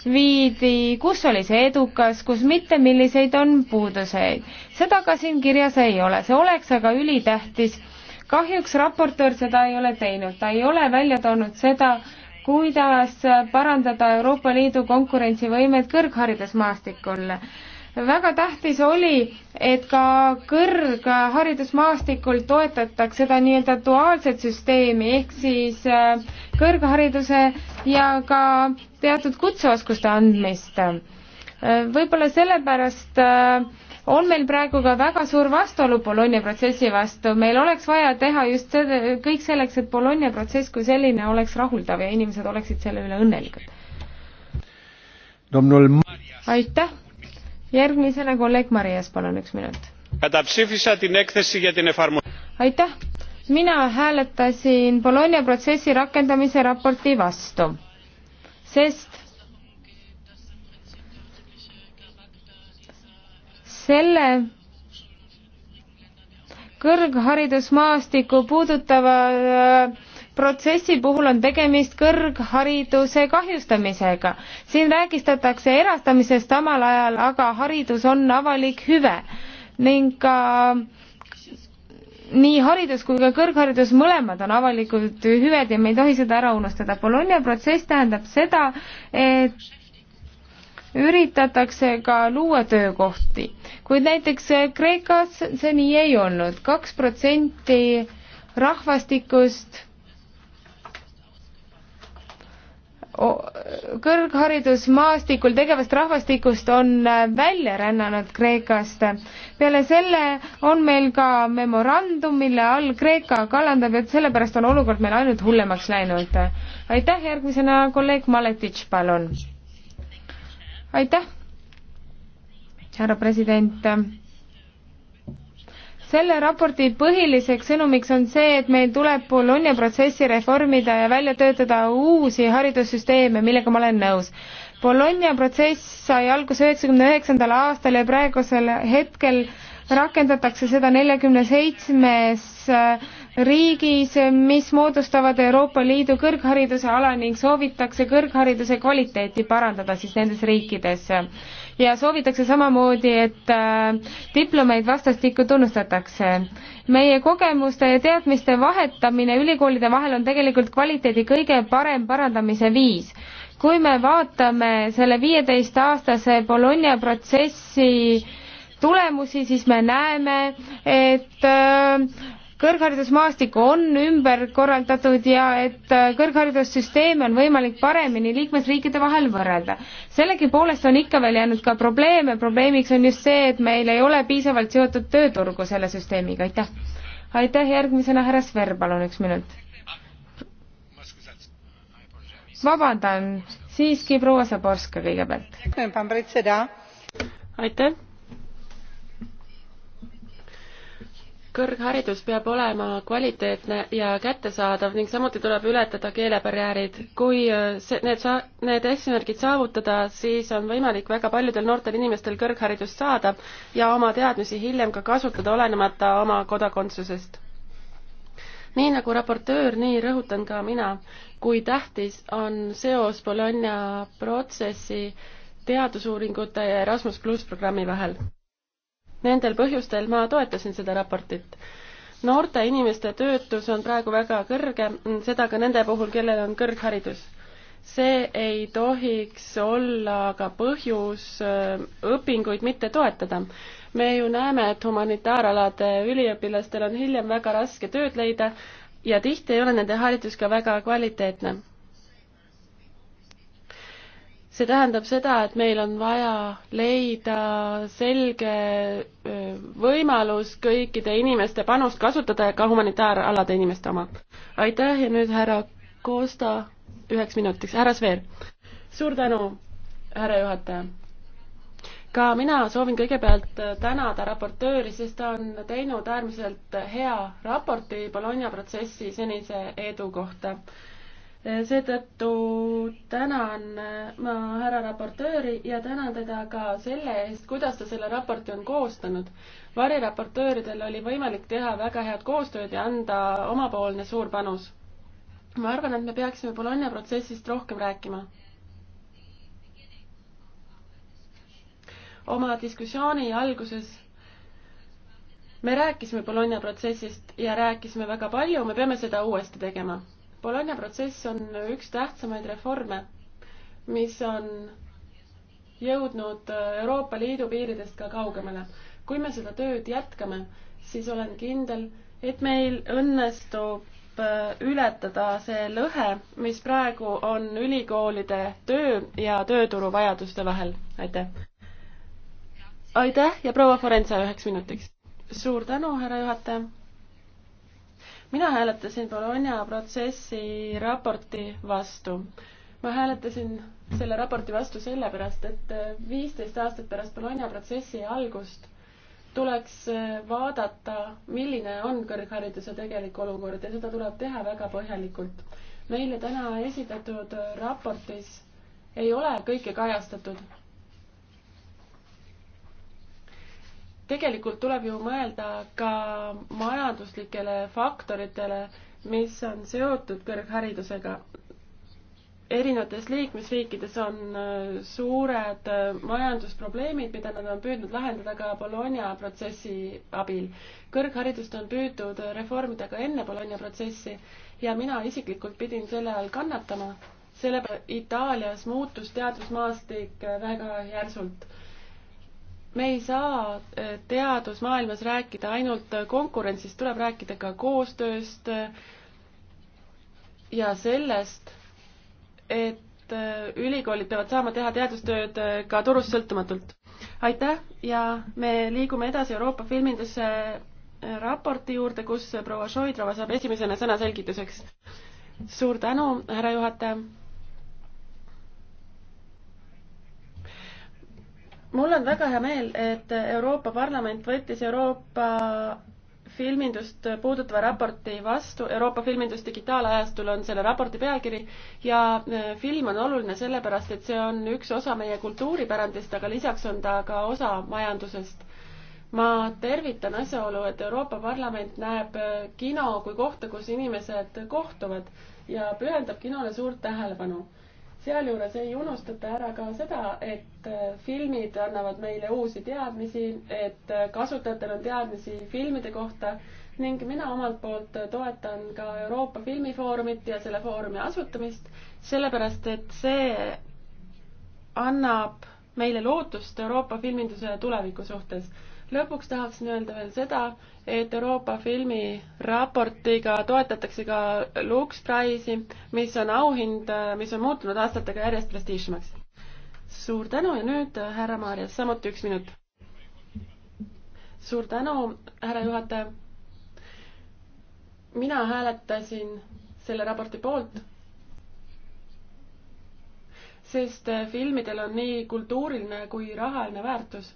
viidi, kus oli see edukas, kus mitte, milliseid on puuduseid. seda ka siin kirjas ei ole, see oleks aga ülitähtis. kahjuks raportöör seda ei ole teinud, ta ei ole välja toonud seda, kuidas parandada Euroopa Liidu konkurentsivõimet kõrgharidusmaastikul väga tähtis oli, et ka kõrgharidusmaastikul toetataks seda nii-öelda duaalset süsteemi ehk siis äh, kõrghariduse ja ka teatud kutseoskuste andmist. Äh, võib-olla sellepärast äh, on meil praegu ka väga suur vastuolu Bologna protsessi vastu, meil oleks vaja teha just seda, kõik selleks, et Bologna protsess kui selline oleks rahuldav ja inimesed oleksid selle üle õnnelikud. aitäh järgmisena kolleeg Marias, palun üks minut. aitäh, mina hääletasin Bologna protsessi rakendamise raporti vastu, sest selle kõrgharidusmaastikku puudutava äh, protsessi puhul on tegemist kõrghariduse kahjustamisega. siin räägistatakse erastamisest samal ajal, aga haridus on avalik hüve ning ka nii haridus kui ka kõrgharidus, mõlemad on avalikud hüved ja me ei tohi seda ära unustada. Bologna protsess tähendab seda, et üritatakse ka luua töökohti, kuid näiteks Kreekas see nii ei olnud. kaks protsenti rahvastikust kõrgharidusmaastikul tegevast rahvastikust on äh, välja rännanud Kreekast. peale selle on meil ka memorandum, mille all Kreeka kallandab, et sellepärast on olukord meil ainult hullemaks läinud. aitäh, järgmisena kolleeg Maletitš, palun. aitäh, härra president selle raporti põhiliseks sõnumiks on see, et meil tuleb Bologna protsessi reformida ja välja töötada uusi haridussüsteeme, millega ma olen nõus. Bologna protsess sai alguse üheksakümne üheksandal aastal ja praegusel hetkel rakendatakse seda neljakümne seitsmes äh, riigis, mis moodustavad Euroopa Liidu kõrghariduse ala ning soovitakse kõrghariduse kvaliteeti parandada siis nendes riikides ja soovitakse samamoodi, et äh, diplomeid vastastikku tunnustatakse. meie kogemuste ja teadmiste vahetamine ülikoolide vahel on tegelikult kvaliteedi kõige parem parandamise viis kui me vaatame selle viieteist-aastase Bologna protsessi tulemusi, siis me näeme, et äh, kõrgharidusmaastikku on ümber korraldatud ja et äh, kõrgharidussüsteeme on võimalik paremini liikmesriikide vahel võrrelda. sellegipoolest on ikka veel jäänud ka probleeme, probleemiks on just see, et meil ei ole piisavalt seotud tööturgu selle süsteemiga, aitäh. aitäh, järgmisena härra Sver, palun üks minut. vabandan, siiski proua Zaborska kõigepealt. aitäh kõrgharidus peab olema kvaliteetne ja kättesaadav ning samuti tuleb ületada keelebarjäärid. kui äh, see, need sa-, need eesmärgid saavutada, siis on võimalik väga paljudel noortel inimestel kõrgharidust saada ja oma teadmisi hiljem ka kasutada, olenemata oma kodakondsusest. nii nagu raportöör, nii rõhutan ka mina, kui tähtis on seos Bologna protsessi teadusuuringute ja Erasmus pluss programmi vahel Nendel põhjustel ma toetasin seda raportit noorte inimeste töötus on praegu väga kõrge, seda ka nende puhul, kellel on kõrgharidus. see ei tohiks olla aga põhjus äh, õpinguid mitte toetada. me ju näeme, et humanitaaralade üliõpilastel on hiljem väga raske tööd leida ja tihti ei ole nende haridus ka väga kvaliteetne see tähendab seda, et meil on vaja leida selge võimalus kõikide inimeste panust kasutada ja ka humanitaaralade inimeste oma. aitäh ja nüüd härra Kosta üheks minutiks, härra Sveer. suur tänu, härra juhataja. ka mina soovin kõigepealt tänada raportööri, sest ta on teinud äärmiselt hea raporti Bologna protsessi senise edu kohta seetõttu tänan ma härra raportööri ja tänan teda ka selle eest, kuidas ta selle raporti on koostanud. variraportööridel oli võimalik teha väga head koostööd ja anda omapoolne suur panus. ma arvan, et me peaksime Bologna protsessist rohkem rääkima. oma diskussiooni alguses me rääkisime Bologna protsessist ja rääkisime väga palju, me peame seda uuesti tegema Bologna protsess on üks tähtsamaid reforme, mis on jõudnud Euroopa Liidu piiridest ka kaugemale. kui me seda tööd jätkame, siis olen kindel, et meil õnnestub äh, ületada see lõhe, mis praegu on ülikoolide töö ja tööturu vajaduste vahel. aitäh! aitäh ja proua Forenza üheks minutiks! suur tänu, härra juhataja! mina hääletasin Bologna protsessi raporti vastu. ma hääletasin selle raporti vastu sellepärast, et äh, viisteist aastat pärast Bologna protsessi algust tuleks äh, vaadata, milline on kõrghariduse tegelik olukord ja seda tuleb teha väga põhjalikult. meile täna esitatud raportis ei ole kõike kajastatud tegelikult tuleb ju mõelda ka majanduslikele faktoritele, mis on seotud kõrgharidusega. erinevates liikmesriikides on äh, suured äh, majandusprobleemid, mida nad on püüdnud lahendada ka Bologna protsessi abil. kõrgharidust on püütud äh, reformida ka enne Bologna protsessi ja mina isiklikult pidin selle all kannatama, selle Itaalias muutus teadusmaastik väga järsult me ei saa äh, teadusmaailmas rääkida ainult äh, konkurentsist, tuleb rääkida ka koostööst äh, ja sellest, et ülikoolid peavad saama teha teadustööd ka turust sõltumatult. aitäh ja me liigume edasi Euroopa filminduse raporti juurde, kus proua Šoidrova saab esimesena sõna selgituseks. suur tänu, härra juhataja mul on väga hea meel, et Euroopa Parlament võttis Euroopa filmindust puudutava raporti vastu, Euroopa filmindus digitaalajastul on selle raporti pealkiri ja e, film on oluline sellepärast, et see on üks osa meie kultuuripärandist, aga lisaks on ta ka osa majandusest. ma tervitan asjaolu, et Euroopa Parlament näeb e, kino kui kohta, kus inimesed kohtuvad ja pühendab kinole suurt tähelepanu sealjuures ei unustata ära ka seda, et äh, filmid annavad meile uusi teadmisi, et äh, kasutajatel on teadmisi filmide kohta ning mina omalt poolt toetan ka Euroopa Filmifoorumit ja selle foorumi asutamist, sellepärast et see annab meile lootust Euroopa filminduse tuleviku suhtes lõpuks tahaksin öelda veel seda, et Euroopa filmi raportiga toetatakse ka Lux Prize'i, mis on auhind, mis on muutunud aastatega järjest prestiižsemaks. suur tänu ja nüüd härra Maarjas, samuti üks minut. suur tänu, härra juhataja. mina hääletasin selle raporti poolt sest filmidel on nii kultuuriline kui rahaline väärtus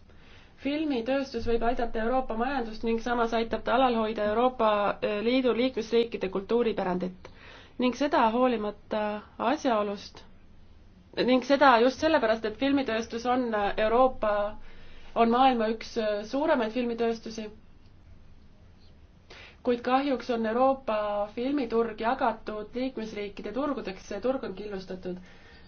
filmitööstus võib aidata Euroopa majandust ning samas aitab ta alal hoida Euroopa eh, Liidu liikmesriikide kultuuripärandit ning seda hoolimata asjaolust ning seda just sellepärast, et filmitööstus on eh, Euroopa, on maailma üks eh, suuremaid filmitööstusi. kuid kahjuks on Euroopa filmiturg jagatud liikmesriikide turgudeks, see turg on killustatud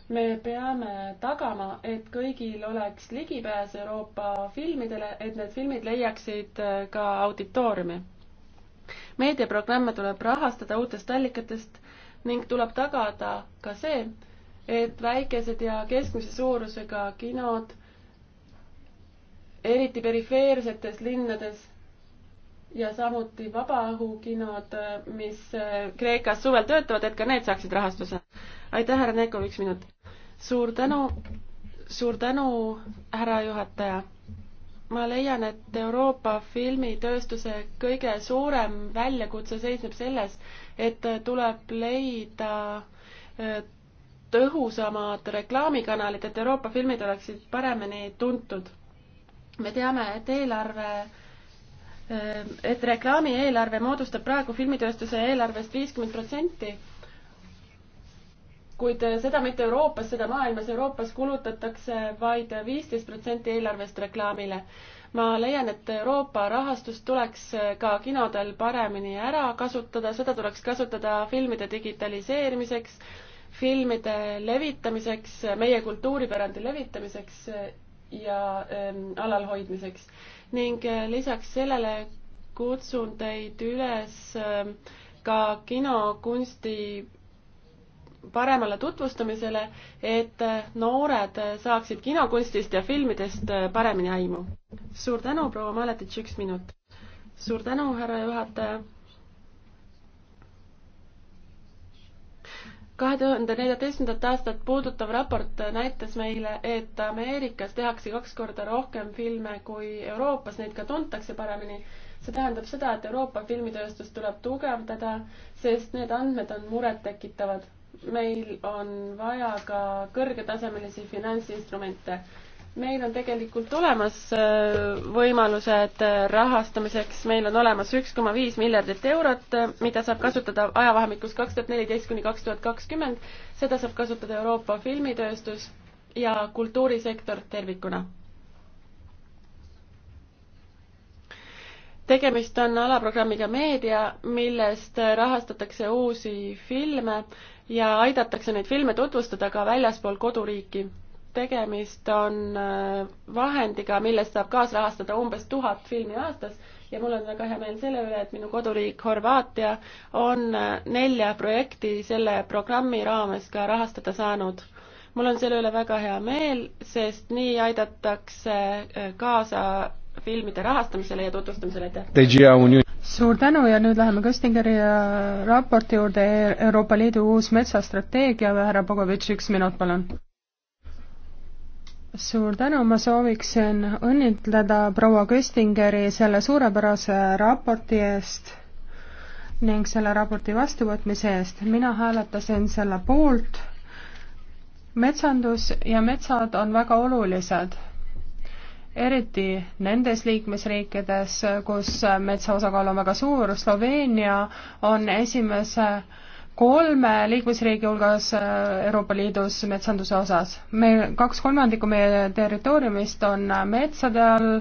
me peame tagama, et kõigil oleks ligipääs Euroopa filmidele, et need filmid leiaksid äh, ka auditooriumi. meediaprogramme tuleb rahastada uutest allikatest ning tuleb tagada ka see, et väikesed ja keskmise suurusega kinod, eriti perifeersetes linnades ja samuti vabaõhukinod, mis äh, Kreekas suvel töötavad, et ka need saaksid rahastuse. aitäh, härra Neikov, üks minut suur tänu, suur tänu, härra juhataja. ma leian, et Euroopa filmitööstuse kõige suurem väljakutse seisneb selles, et tuleb leida äh, tõhusamad reklaamikanalid, et Euroopa filmid oleksid paremini tuntud. me teame, et eelarve äh, et reklaamieelarve moodustab praegu filmitööstuse eelarvest viiskümmend protsenti kuid äh, seda mitte Euroopas, seda maailmas. Euroopas kulutatakse vaid viisteist protsenti eelarvest reklaamile. ma leian, et Euroopa rahastust tuleks äh, ka kinodel paremini ära kasutada, seda tuleks kasutada filmide digitaliseerimiseks, filmide levitamiseks, meie kultuuripärandi levitamiseks äh, ja ähm, alalhoidmiseks. ning lisaks sellele kutsun teid üles äh, ka kinokunsti paremale tutvustamisele, et noored saaksid kinokunstist ja filmidest paremini aimu. suur tänu, proua Maletitš, üks minut. suur tänu, härra juhataja kahe tuhande neljateistkümnendat aastat puudutav raport näitas meile, et Ameerikas tehakse kaks korda rohkem filme kui Euroopas, neid ka tuntakse paremini. see tähendab seda, et Euroopa filmitööstust tuleb tugevdada, sest need andmed on murettekitavad meil on vaja ka kõrgetasemelisi finantsinstrumente. meil on tegelikult olemas äh, võimalused äh, rahastamiseks, meil on olemas üks koma viis miljardit eurot, äh, mida saab kasutada ajavahemikus kaks tuhat neliteist kuni kaks tuhat kakskümmend. seda saab kasutada Euroopa filmitööstus ja kultuurisektor tervikuna tegemist on alaprogrammiga Meedia, millest rahastatakse uusi filme ja aidatakse neid filme tutvustada ka väljaspool koduriiki. tegemist on äh, vahendiga, millest saab kaasrahastada umbes tuhat filmi aastas ja mul on väga hea meel selle üle, et minu koduriik Horvaatia on äh, nelja projekti selle programmi raames ka rahastada saanud. mul on selle üle väga hea meel, sest nii aidatakse äh, kaasa filmide rahastamisele ja tutvustamisele, aitäh! suur tänu ja nüüd läheme Köstingeri äh, raporti juurde, Euroopa Liidu uus metsastrateegia, härra Bogovitš, üks minut, palun. suur tänu, ma sooviksin õnnitleda proua Köstingeri selle suurepärase raporti eest ning selle raporti vastuvõtmise eest. mina hääletasin selle poolt metsandus ja metsad on väga olulised eriti nendes liikmesriikides, kus metsa osakaal on väga suur, Sloveenia on esimese kolme liikmesriigi hulgas Euroopa Liidus metsanduse osas. me, kaks kolmandikku meie territooriumist on metsade all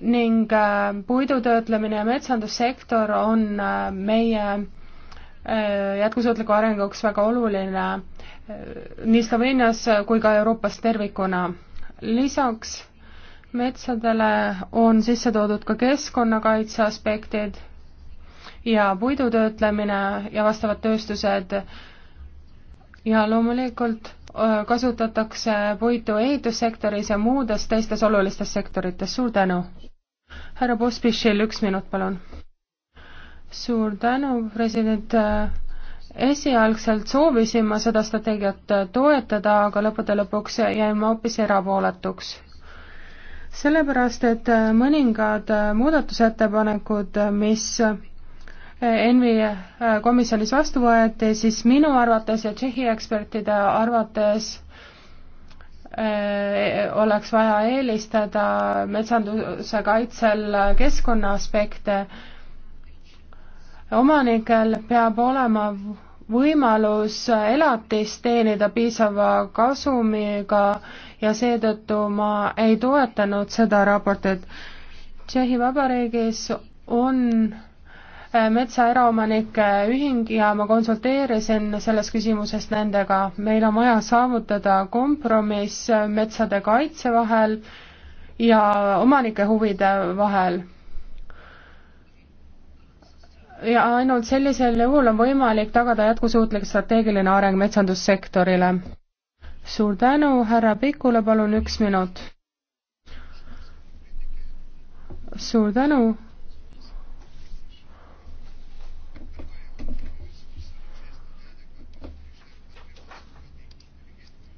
ning äh, puidutöötlemine ja metsandussektor on äh, meie äh, jätkusuutliku arenguks väga oluline nii Sloveenias kui ka Euroopas tervikuna. lisaks metsadele on sisse toodud ka keskkonnakaitse aspektid ja puidutöötlemine ja vastavad tööstused ja loomulikult kasutatakse puitu ehitussektoris ja muudes teistes olulistes sektorites, suur tänu! härra Pospišil üks minut, palun! suur tänu, president esialgselt soovisin ma seda strateegiat toetada, aga lõppude lõpuks jäin ma hoopis erapooletuks sellepärast, et äh, mõningad äh, muudatusettepanekud, äh, mis ENVI komisjonis vastu võeti, siis minu arvates ja Tšehhi ekspertide arvates oleks vaja eelistada metsanduse kaitsel keskkonna aspekte. omanikel peab olema võimalus elatist teenida piisava kasumiga ja seetõttu ma ei toetanud seda raportit. Tšehhi Vabariigis on äh, metsaeraomanike ühing ja ma konsulteerisin selles küsimuses nendega. meil on vaja saavutada kompromiss metsade kaitse vahel ja omanike huvide vahel ja ainult sellisel juhul on võimalik tagada jätkusuutlik strateegiline areng metsandussektorile. suur tänu, härra Pikula, palun üks minut. suur tänu.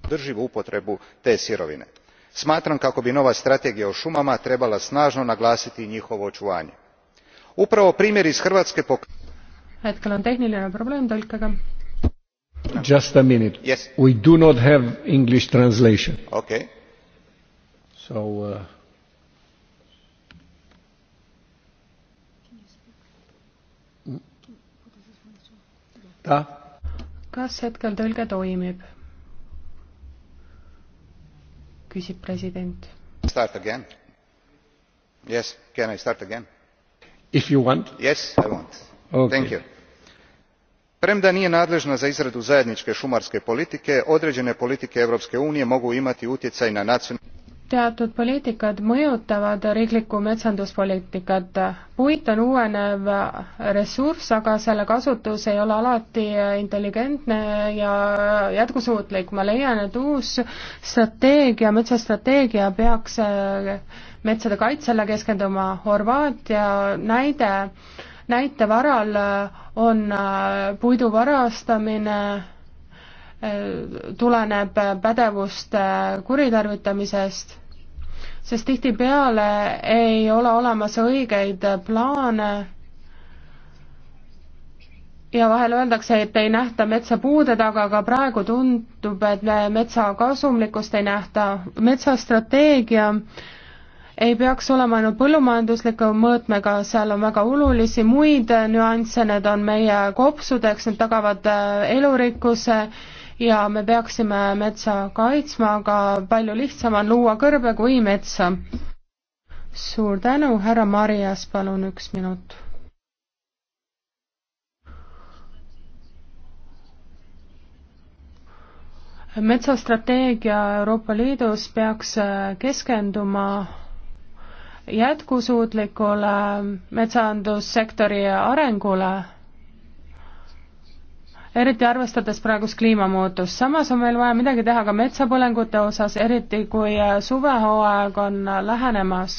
održivu upotrebu te sirovine. smatram kako bi nova strategija o šumama trebala snažno naglasiti njihovo očuvanje upravo primjer iz hrvatske hetkel on tehniline probleem tõlkega just a minute yes. we do not have english translation okay so uh, Da. kas hetkel tõlge toimib? küsib president. Start again. Yes, can I start again? If you want. Yes, I want. Okay. Thank you. Premda nije nadležna za izradu zajedničke šumarske politike, određene politike Europske unije mogu imati utjecaj na nacionalne teatud poliitikad mõjutavad riiklikku metsanduspoliitikat. puit on uuenev ressurss, aga selle kasutus ei ole alati intelligentne ja jätkusuutlik. ma leian, et uus strateegia, metsastrateegia peaks metsade kaitsele keskenduma. Horvaatia näide, näite varal on puidu varastamine tuleneb pädevuste kuritarvitamisest, sest tihtipeale ei ole olemas õigeid plaane ja vahel öeldakse, et ei nähta metsa puude taga, aga praegu tundub, et metsa kasumlikkust ei nähta. metsastrateegia ei peaks olema ainult põllumajandusliku mõõtmega, seal on väga olulisi muid nüansse, need on meie kopsudeks, need tagavad elurikkuse ja me peaksime metsa kaitsma, aga palju lihtsam on luua kõrbe kui metsa. suur tänu, härra Marias, palun üks minut metsastrateegia Euroopa Liidus peaks keskenduma jätkusuutlikule metsandussektori arengule eriti arvestades praegust kliimamuutust. samas on meil vaja midagi teha ka metsapõlengute osas, eriti kui äh, suvehooaeg on äh, lähenemas.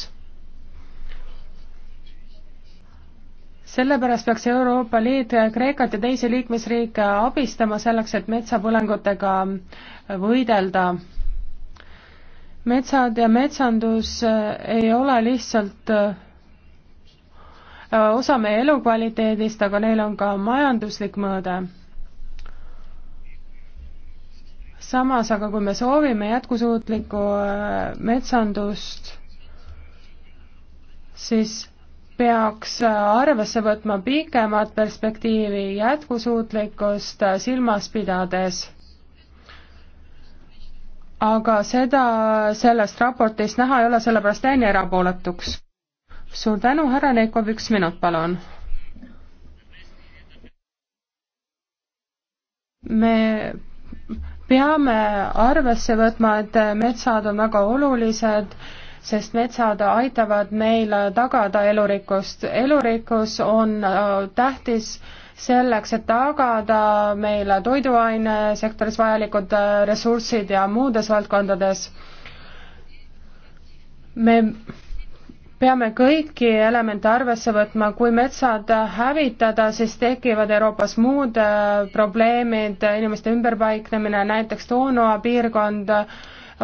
sellepärast peaks Euroopa Liit äh, Kreekat ja teisi liikmesriike abistama selleks, et metsapõlengutega võidelda metsad ja metsandus ei ole lihtsalt osa meie elukvaliteedist, aga neil on ka majanduslik mõõde. samas aga kui me soovime jätkusuutlikku äh, metsandust, siis peaks äh, arvesse võtma pikemat perspektiivi jätkusuutlikkust äh, silmas pidades. aga seda sellest raportist näha ei ole, sellepärast jäin erapooletuks. suur tänu, härra Neikov, üks minut, palun. me peame arvesse võtma, et metsad on väga olulised, sest metsad aitavad meil tagada elurikkust. elurikkus on äh, tähtis selleks, et tagada meile toiduainesektoris vajalikud äh, ressursid ja muudes valdkondades. me peame kõiki elemente arvesse võtma, kui metsad hävitada, siis tekivad Euroopas muud äh, probleemid, inimeste ümberpaiknemine, näiteks Toonoa piirkond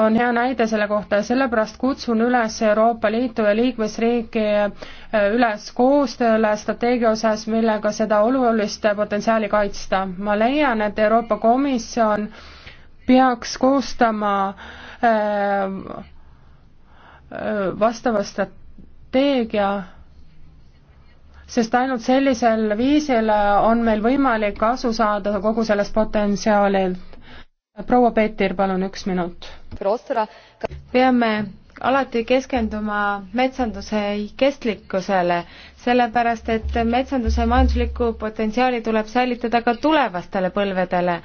on hea näide selle kohta ja sellepärast kutsun üles Euroopa Liitu ja liikmesriiki äh, üles koostööle strateegia osas, millega seda olulist potentsiaali kaitsta. ma leian, et Euroopa Komisjon peaks koostama äh, vastava strateegia strateegia, sest ainult sellisel viisil on meil võimalik kasu saada kogu sellest potentsiaalilt. proua Peeter, palun üks minut. peame alati keskenduma metsanduse kestlikkusele, sellepärast et metsanduse majanduslikku potentsiaali tuleb säilitada ka tulevastele põlvedele.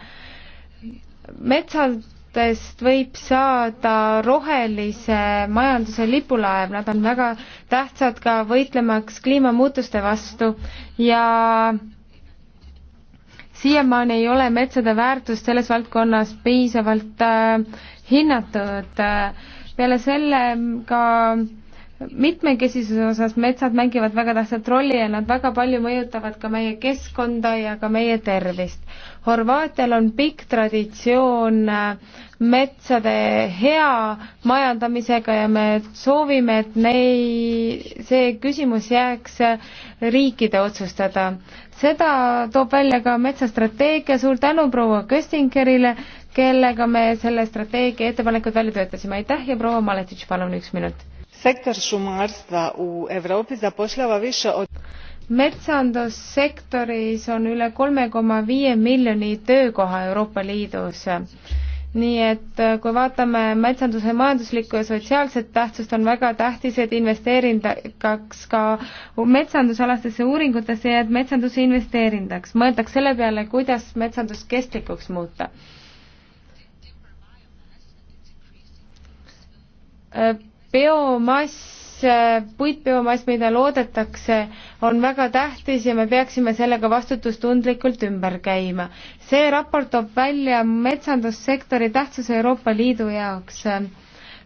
metsad tootest võib saada rohelise majanduse lipulaev, nad on väga tähtsad ka võitlemaks kliimamuutuste vastu ja siiamaani ei ole metsade väärtust selles valdkonnas piisavalt äh, hinnatud. Äh, peale selle ka äh, mitmekesisuse osas metsad mängivad väga tähtsat rolli ja nad väga palju mõjutavad ka meie keskkonda ja ka meie tervist. Horvaatial on pikk traditsioon äh, metsade hea majandamisega ja me soovime, et nei-, see küsimus jääks äh, riikide otsustada. seda toob välja ka metsastrateegia, suur tänu proua Köstingerile, kellega me selle strateegia ettepanekud välja töötasime, aitäh ja proua Maletitš, palun üks minut sektor šumarstva u europi zapošljava više od metsandussektoris on üle kolme koma viie miljoni töökoha euroopa liidus nii et äh, kui vaatame metsanduse majanduslikku ja sotsiaalset tähtsust, on väga tähtis, et investeeringaks ka metsandusalastesse uuringutesse ja et metsandusse investeeringaks. mõeldaks selle peale, kuidas metsandust kestlikuks muuta äh, biomass äh, puitbiomass, mida loodetakse, on väga tähtis ja me peaksime sellega vastutustundlikult ümber käima. see raport toob välja metsandussektori tähtsuse Euroopa Liidu jaoks.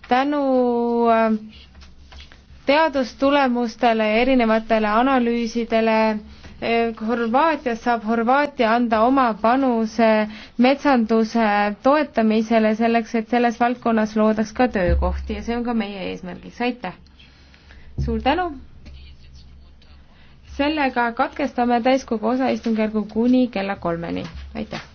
tänu äh, teadustulemustele ja erinevatele analüüsidele Horvaatias saab Horvaatia anda oma panuse metsanduse toetamisele selleks, et selles valdkonnas loodaks ka töökohti ja see on ka meie eesmärgiks, aitäh! suur tänu! sellega katkestame täiskogu osaistungjärgu kuni kella kolmeni, aitäh!